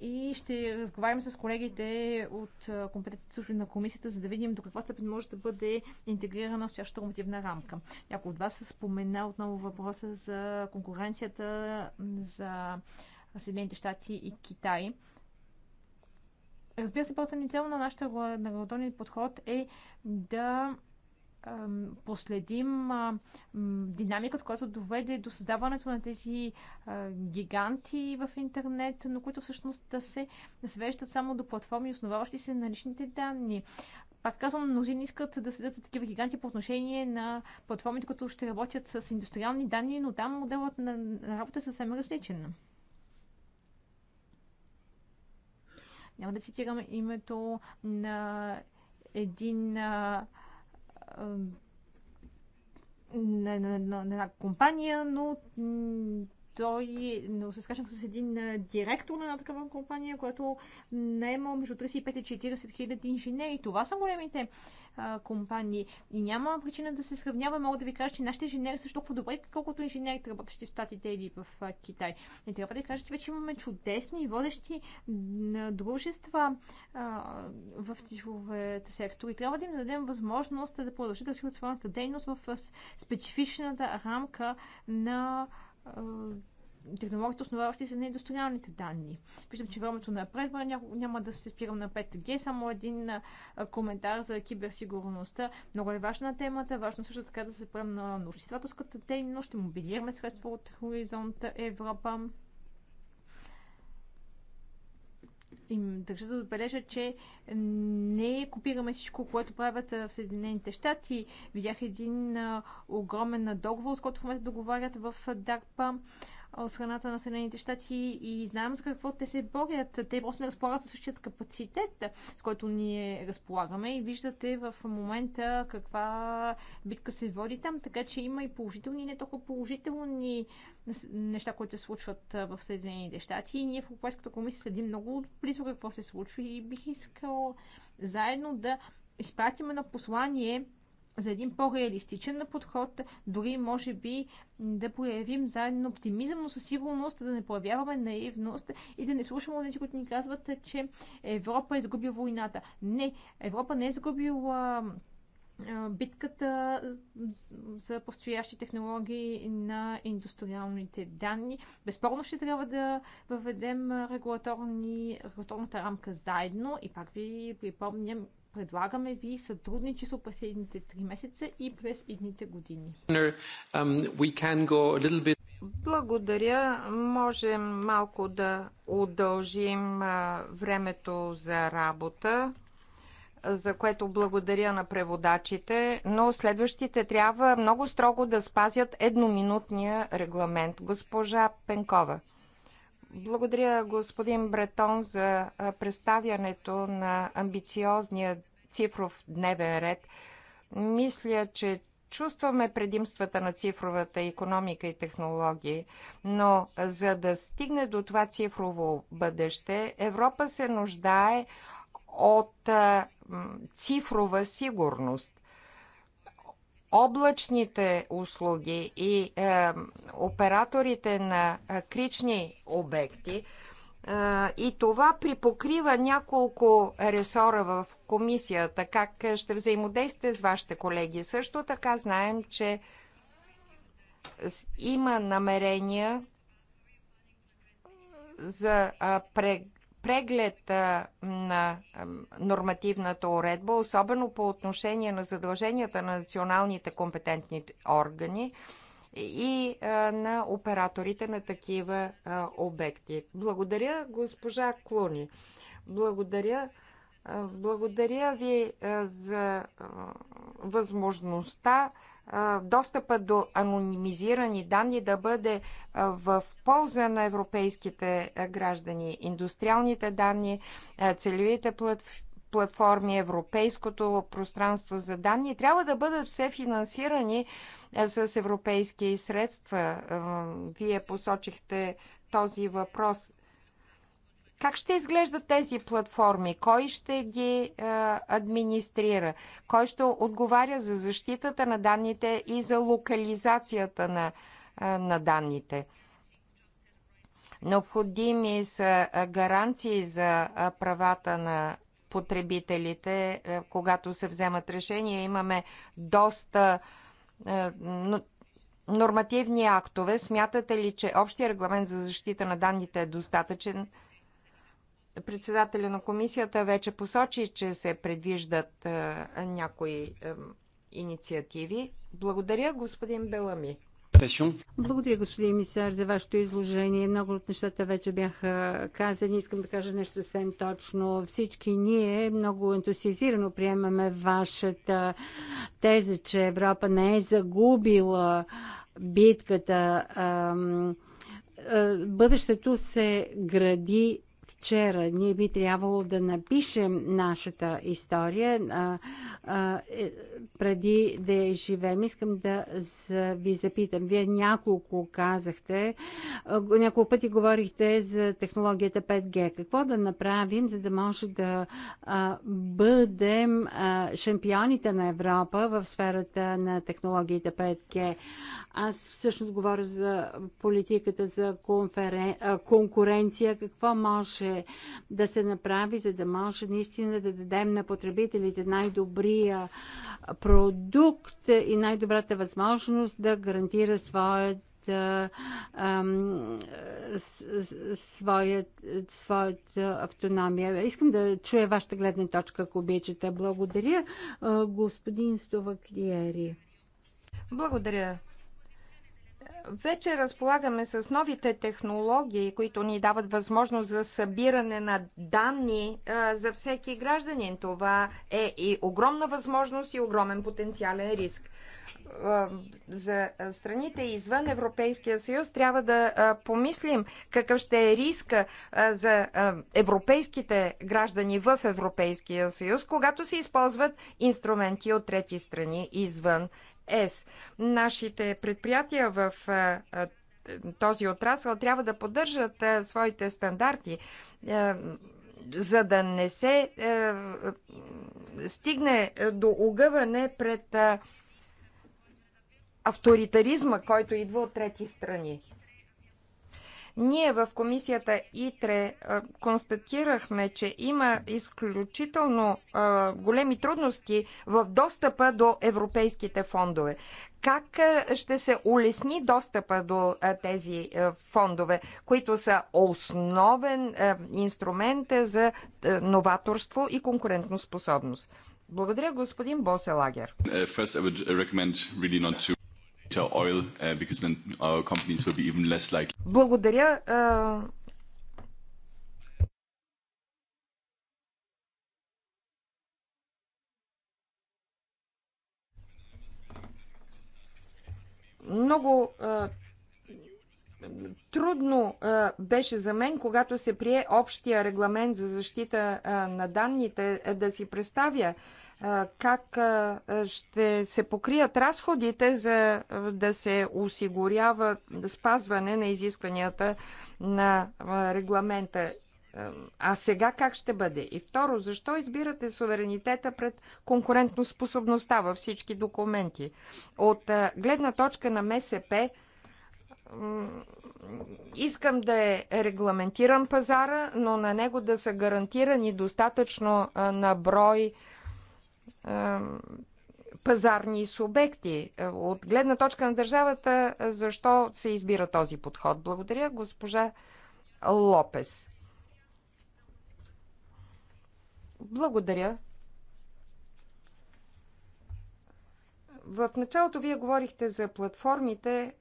и ще разговаряме с колегите от компетентните служби на комисията, за да видим до каква степен може да бъде интегрирана в настоящата нормативна рамка. Някой от вас е спомена отново въпроса за конкуренцията за Съединените щати и Китай. Разбира се, първата ни цел на нашата регулаторен подход е да последим динамиката, която доведе до създаването на тези гиганти в интернет, но които всъщност да се свеждат само до платформи, основаващи се на личните данни. Пак казвам, мнозина искат да седят такива гиганти по отношение на платформите, които ще работят с индустриални данни, но там моделът на, на работа е съвсем различен. Няма да цитирам името на един а, на, на, на, на една компания, но той но се срещнах с един директор на една такава компания, която наема между 35 и 40 хиляди инженери. Това са големите а, компании. И няма причина да се сравнява. Мога да ви кажа, че нашите инженери са толкова добре, колкото инженерите, работещи в Штатите или в а, Китай. И трябва да кажа, че вече имаме чудесни водещи дружества в цифровите сектори. Трябва да им дадем възможност да продължат да своята дейност в специфичната рамка на технологията, основаващи се на индустриалните данни. Виждам, че времето напредва, няма да се спирам на 5G, само един коментар за киберсигурността. Много е важна темата, важно също така да се спрем на научествателската дейност, ще мобилираме средства от Хоризонта Европа. И държа да отбележа, че не копираме всичко, което правят в Съединените щати. Видях един огромен договор, с който в момента договарят в А, от страната на Съединените щати и знаем за какво те се борят. Те просто не разполагат със същият капацитет, с който ние разполагаме и виждате в момента каква битка се води там, така че има и положителни и не толкова положителни неща, които се случват в Съединените щати и ние в Европейската комисия следим много близо какво се случва и бих искал заедно да изпратим едно послание за един по-реалистичен подход, дори може би да проявим заедно оптимизъм, но със сигурност да не проявяваме наивност и да не слушаме тези, които ни казват, че Европа е изгубила войната. Не, Европа не е изгубила битката за постоящи технологии на индустриалните данни. Безспорно ще трябва да въведем регулаторни, регулаторната рамка заедно и пак ви припомням, Предлагаме ви сътрудничество през следните три месеца и през едните години. Um, благодаря. Можем малко да удължим времето за работа, за което благодаря на преводачите, но следващите трябва много строго да спазят едноминутния регламент. Госпожа Пенкова. Благодаря господин Бретон за представянето на амбициозния цифров дневен ред. Мисля, че чувстваме предимствата на цифровата економика и технологии, но за да стигне до това цифрово бъдеще, Европа се нуждае от цифрова сигурност облачните услуги и е, операторите на е, крични обекти. Е, и това припокрива няколко ресора в комисията. Как е, ще взаимодействате с вашите колеги? Също така знаем, че има намерения за преглед преглед на нормативната уредба, особено по отношение на задълженията на националните компетентни органи и на операторите на такива обекти. Благодаря, госпожа Клуни. Благодаря. Благодаря ви за възможността достъпа до анонимизирани данни да бъде в полза на европейските граждани. Индустриалните данни, целевите платформи, европейското пространство за данни трябва да бъдат все финансирани с европейски средства. Вие посочихте този въпрос как ще изглеждат тези платформи? Кой ще ги а, е, администрира? Кой ще отговаря за защитата на данните и за локализацията на, а, е, на данните? Необходими са е, гаранции за правата на потребителите, когато се вземат решения. Имаме доста нормативни актове. Смятате ли, че общия регламент за защита на данните е достатъчен? Председателя на комисията вече посочи, че се предвиждат е, някои е, инициативи. Благодаря, господин Белами. Благодаря, господин Мисар, за вашето изложение. Много от нещата вече бяха казани. Искам да кажа нещо съвсем точно. Всички ние много ентусиазирано приемаме вашата теза, че Европа не е загубила битката. Е, бъдещето се гради вчера. Ние би трябвало да напишем нашата история а, а, е, преди да я живеем. Искам да ви запитам. Вие няколко казахте, няколко пъти говорихте за технологията 5G. Какво да направим, за да може да а, бъдем а, шампионите на Европа в сферата на технологията 5G? Аз всъщност говоря за политиката за конферен... конкуренция, какво може да се направи, за да може наистина да дадем на потребителите най-добрия продукт и най-добрата възможност да гарантира своят своят, своята автономия. Искам да чуя вашата гледна точка, ако обичате. Благодаря, господин Стова Клиери. Благодаря, вече разполагаме с новите технологии, които ни дават възможност за събиране на данни за всеки гражданин. Това е и огромна възможност и огромен потенциален риск. За страните извън Европейския съюз трябва да помислим какъв ще е риска за европейските граждани в Европейския съюз, когато се използват инструменти от трети страни извън ЕС. Нашите предприятия в този отрасъл трябва да поддържат своите стандарти, за да не се стигне до огъване пред авторитаризма, който идва от трети страни. Ние в комисията ИТРЕ констатирахме, че има изключително големи трудности в достъпа до европейските фондове. Как ще се улесни достъпа до тези фондове, които са основен инструмент за новаторство и конкурентоспособност? Благодаря, господин Боселагер. Uh, really to... Oil, uh, Благодаря. Много трудно беше за мен, когато се прие общия регламент за защита на данните, е да си представя как ще се покрият разходите за да се осигурява спазване на изискванията на регламента. А сега как ще бъде? И второ, защо избирате суверенитета пред способността във всички документи? От гледна точка на МСП, искам да е регламентиран пазара, но на него да са гарантирани достатъчно наброй брой пазарни субекти. Е, от гледна точка на държавата, е, защо се избира този подход? Благодаря, госпожа Лопес. Благодаря. В началото вие говорихте за платформите,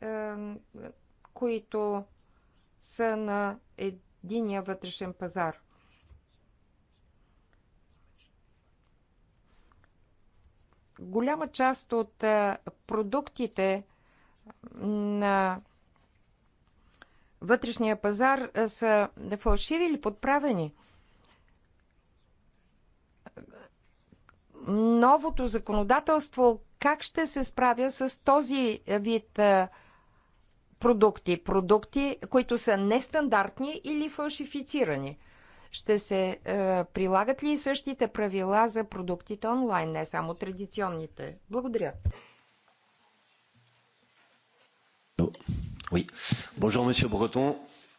които са на единия вътрешен пазар. голяма част от продуктите на вътрешния пазар са фалшиви или подправени. Новото законодателство как ще се справя с този вид продукти? Продукти, които са нестандартни или фалшифицирани – ще се е, прилагат ли същите правила за продуктите онлайн, не само традиционните? Благодаря. Oui. Bonjour, monsieur Breton.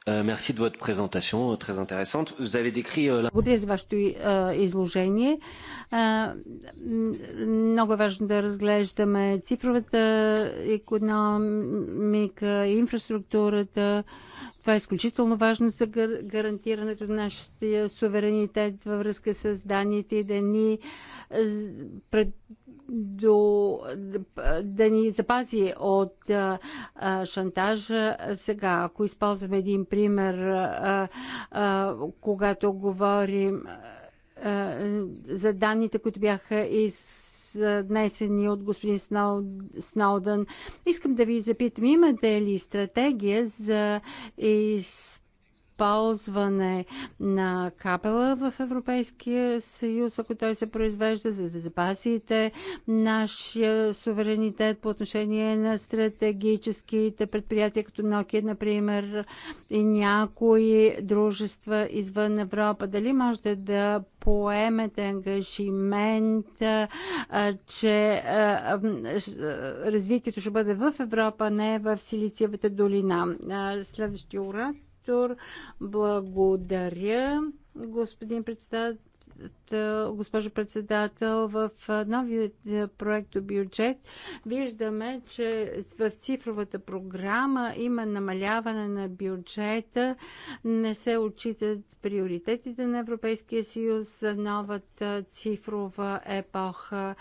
Euh, merci de votre présentation euh, très intéressante. Vous avez décrit euh, la... Благодаря за вашето е, изложение. Е, много е важно да разглеждаме цифровата економика, инфраструктурата. Това е изключително важно за гарантирането на нашия суверенитет във връзка с данните и да ни, пред, до, да ни запази от а, шантажа. Сега, ако използваме един пример, а, а, когато говорим за данните, които бяха из внесени от господин Сноудън. Искам да ви запитам, имате ли стратегия за из използване на капела в Европейския съюз, ако той се произвежда, за да запасите нашия суверенитет по отношение на стратегическите предприятия, като Nokia, например, и някои дружества извън Европа. Дали можете да поемете ангажимент, че развитието ще бъде в Европа, не в Силициевата долина? Следващия урад сектор. Благодаря, господин председател госпожо председател, в новия проект бюджет виждаме, че в цифровата програма има намаляване на бюджета, не се отчитат приоритетите на Европейския съюз за новата цифрова епоха.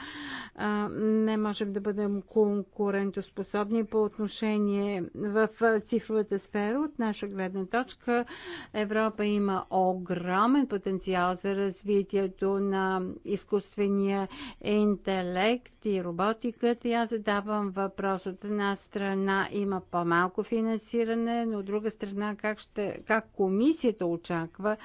Не можем да бъдем конкурентоспособни по отношение в цифровата сфера. От наша гледна точка Европа има огромен потенциал за развитието развитието на изкуствения интелект и роботиката. И аз задавам въпрос. От една страна има по-малко финансиране, но от друга страна как, ще, как комисията очаква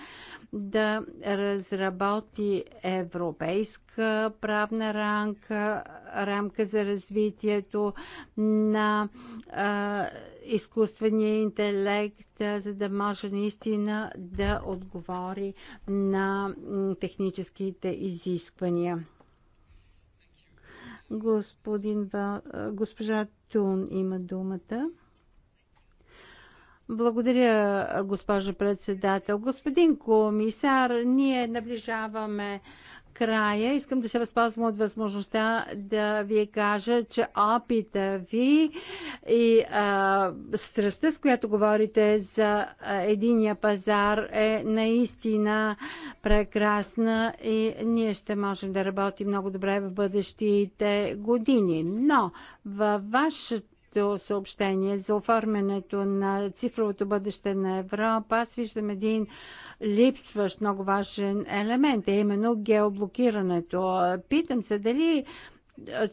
да разработи европейска правна рамка, рамка за развитието на а, изкуствения интелект, за да може наистина да отговори на техническите изисквания. Господин, госпожа Тун има думата. Благодаря, госпожо председател. Господин комисар, ние наближаваме края искам да се възползвам от възможността да ви кажа, че опита ви и а, страстта, с която говорите за единия пазар е наистина прекрасна и ние ще можем да работим много добре в бъдещите години. Но във вашата вашето съобщение за оформянето на цифровото бъдеще на Европа, аз виждам един липсващ много важен елемент, е именно геоблокирането. Питам се дали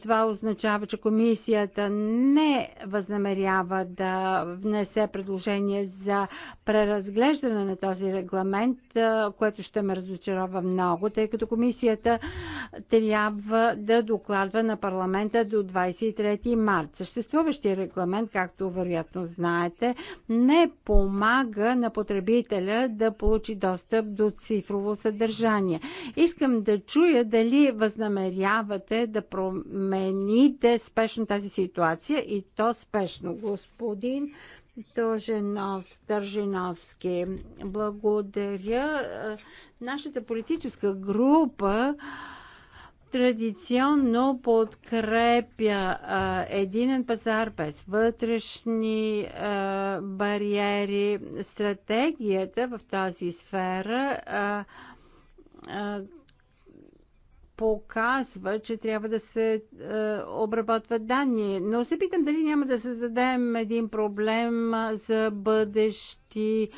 това означава, че комисията не възнамерява да внесе предложение за преразглеждане на този регламент, което ще ме разочарова много, тъй като комисията трябва да докладва на парламента до 23 март. Съществуващия регламент, както вероятно знаете, не помага на потребителя да получи достъп до цифрово съдържание. Искам да чуя дали възнамерявате да промените промените спешно тази ситуация и то спешно. Господин Тоженов, Стържиновски, благодаря. Нашата политическа група традиционно подкрепя а, единен пазар без вътрешни а, бариери. Стратегията в тази сфера а, а, показва, че трябва да се е, обработват данни. Но се питам дали няма да създадем един проблем за бъдещи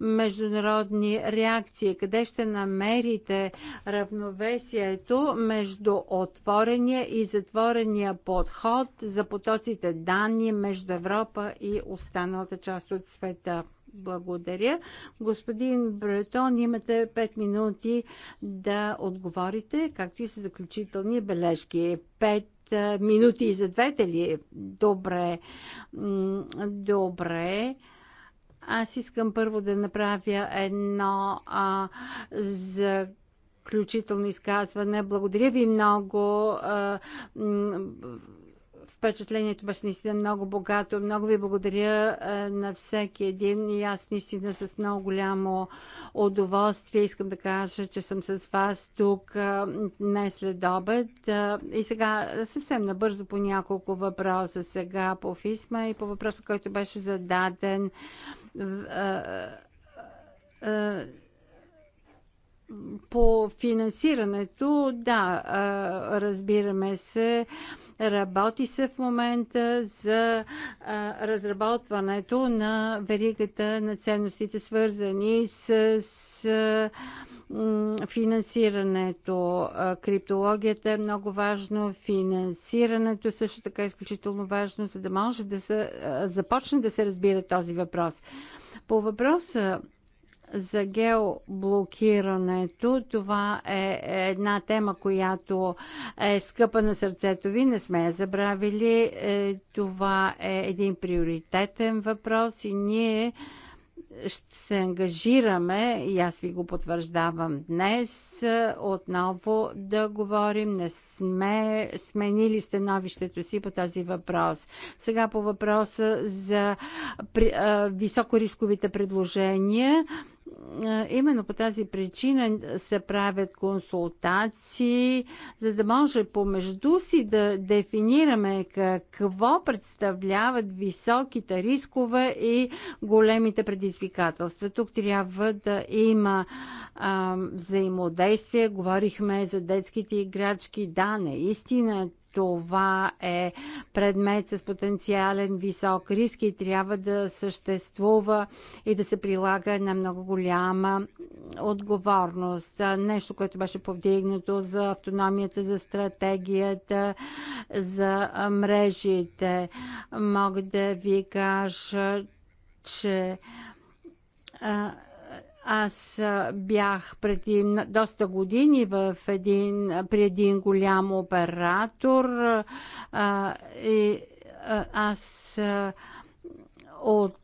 международни реакции. Къде ще намерите равновесието между отворения и затворения подход за потоците данни между Европа и останалата част от света? Благодаря. Господин Бретон, имате 5 минути да отговорите, както и с заключителни бележки. 5 минути и за двете ли? Добре. Добре. Аз искам първо да направя едно а, за включително изказване. Благодаря ви много. А, Впечатлението беше наистина много богато. Много ви благодаря на всеки един и аз наистина с много голямо удоволствие искам да кажа, че съм с вас тук днес след обед. И сега съвсем набързо по няколко въпроса сега по ФИСМА и по въпроса, който беше зададен по финансирането, да, разбираме се, Работи се в момента за а, разработването на веригата на ценностите, свързани с, с финансирането. Криптологията е много важно, финансирането също така е изключително важно, за да може да се започне да се разбира този въпрос. По въпроса за геоблокирането. Това е една тема, която е скъпа на сърцето ви. Не сме я забравили. Е, това е един приоритетен въпрос и ние ще се ангажираме, и аз ви го потвърждавам днес, отново да говорим. Не сме сменили становището си по този въпрос. Сега по въпроса за високорисковите предложения именно по тази причина се правят консултации, за да може помежду си да дефинираме какво представляват високите рискове и големите предизвикателства. Тук трябва да има а, взаимодействие. Говорихме за детските играчки. Да, наистина това е предмет с потенциален висок риск и трябва да съществува и да се прилага на много голяма отговорност. Нещо, което беше повдигнато за автономията, за стратегията, за мрежите. Мога да ви кажа, че аз бях преди доста години в един, при един голям оператор а, и аз от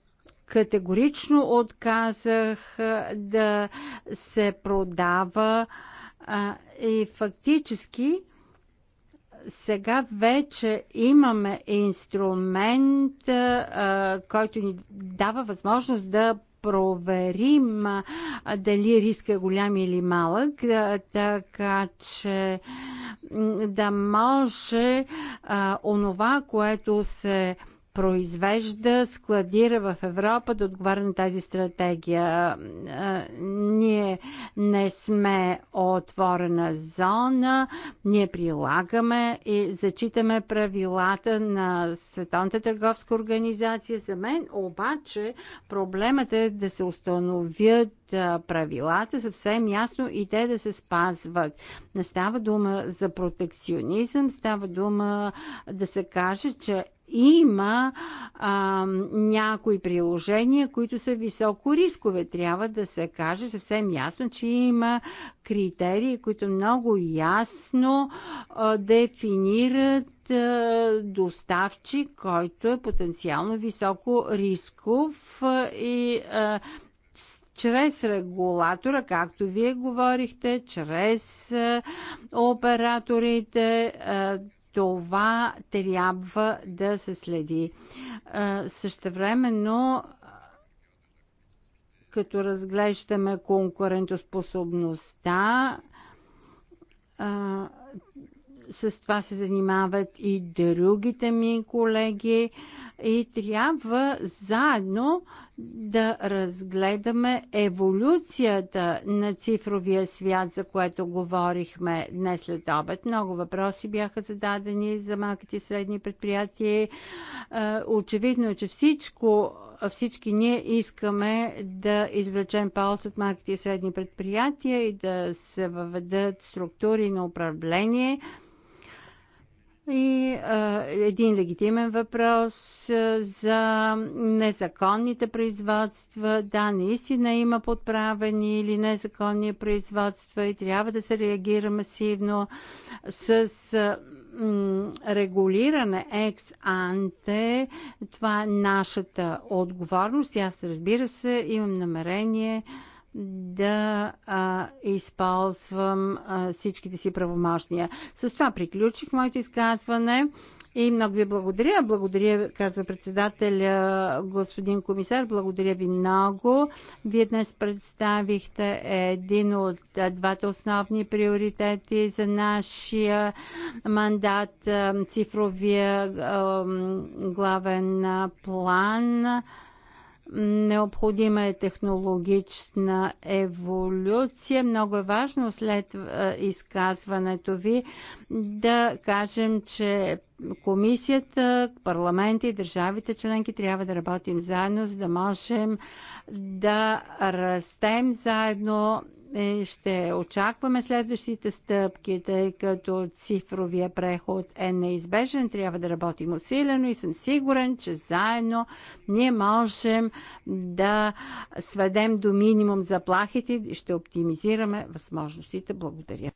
категорично отказах да се продава а, и фактически сега вече имаме инструмент, а, който ни дава възможност да проверим дали риска е голям или малък, така че да може а, онова, което се произвежда, складира в Европа да отговаря на тази стратегия. Ние не сме отворена зона, ние прилагаме и зачитаме правилата на Световната търговска организация. За мен обаче проблемът е да се установят правилата съвсем ясно и те да се спазват. Не става дума за протекционизъм, става дума да се каже, че има а, някои приложения, които са високо рискове. Трябва да се каже съвсем ясно, че има критерии, които много ясно а, дефинират а, доставчик, който е потенциално високо рисков а, и а, чрез регулатора, както вие говорихте, чрез операторите, това трябва да се следи. Е, същевременно, като разглеждаме конкурентоспособността, е, с това се занимават и другите ми колеги и трябва заедно да разгледаме еволюцията на цифровия свят, за което говорихме днес след обед. Много въпроси бяха зададени за малките и средни предприятия. Е, очевидно е, че всичко всички ние искаме да извлечем полз от малките и средни предприятия и да се въведат структури на управление – и а, един легитимен въпрос а, за незаконните производства. Да, наистина има подправени или незаконни производства и трябва да се реагира масивно с а, м, регулиране екс-анте. Това е нашата отговорност. аз, разбира се, имам намерение а, да а, използвам а, всичките си правомощния. С това приключих моето изказване. И много ви благодаря. Благодаря, казва председателя, господин комисар. Благодаря ви много. Вие днес представихте един от двата основни приоритети за нашия мандат, цифровия главен план. Необходима е технологична еволюция. Много е важно след изказването ви да кажем, че комисията, парламента и държавите членки трябва да работим заедно, за да можем да растем заедно е, ще очакваме следващите стъпки, тъй като цифровия преход е неизбежен. Трябва да работим усилено и съм сигурен, че заедно ние можем да сведем до минимум заплахите и ще оптимизираме възможностите. Благодаря.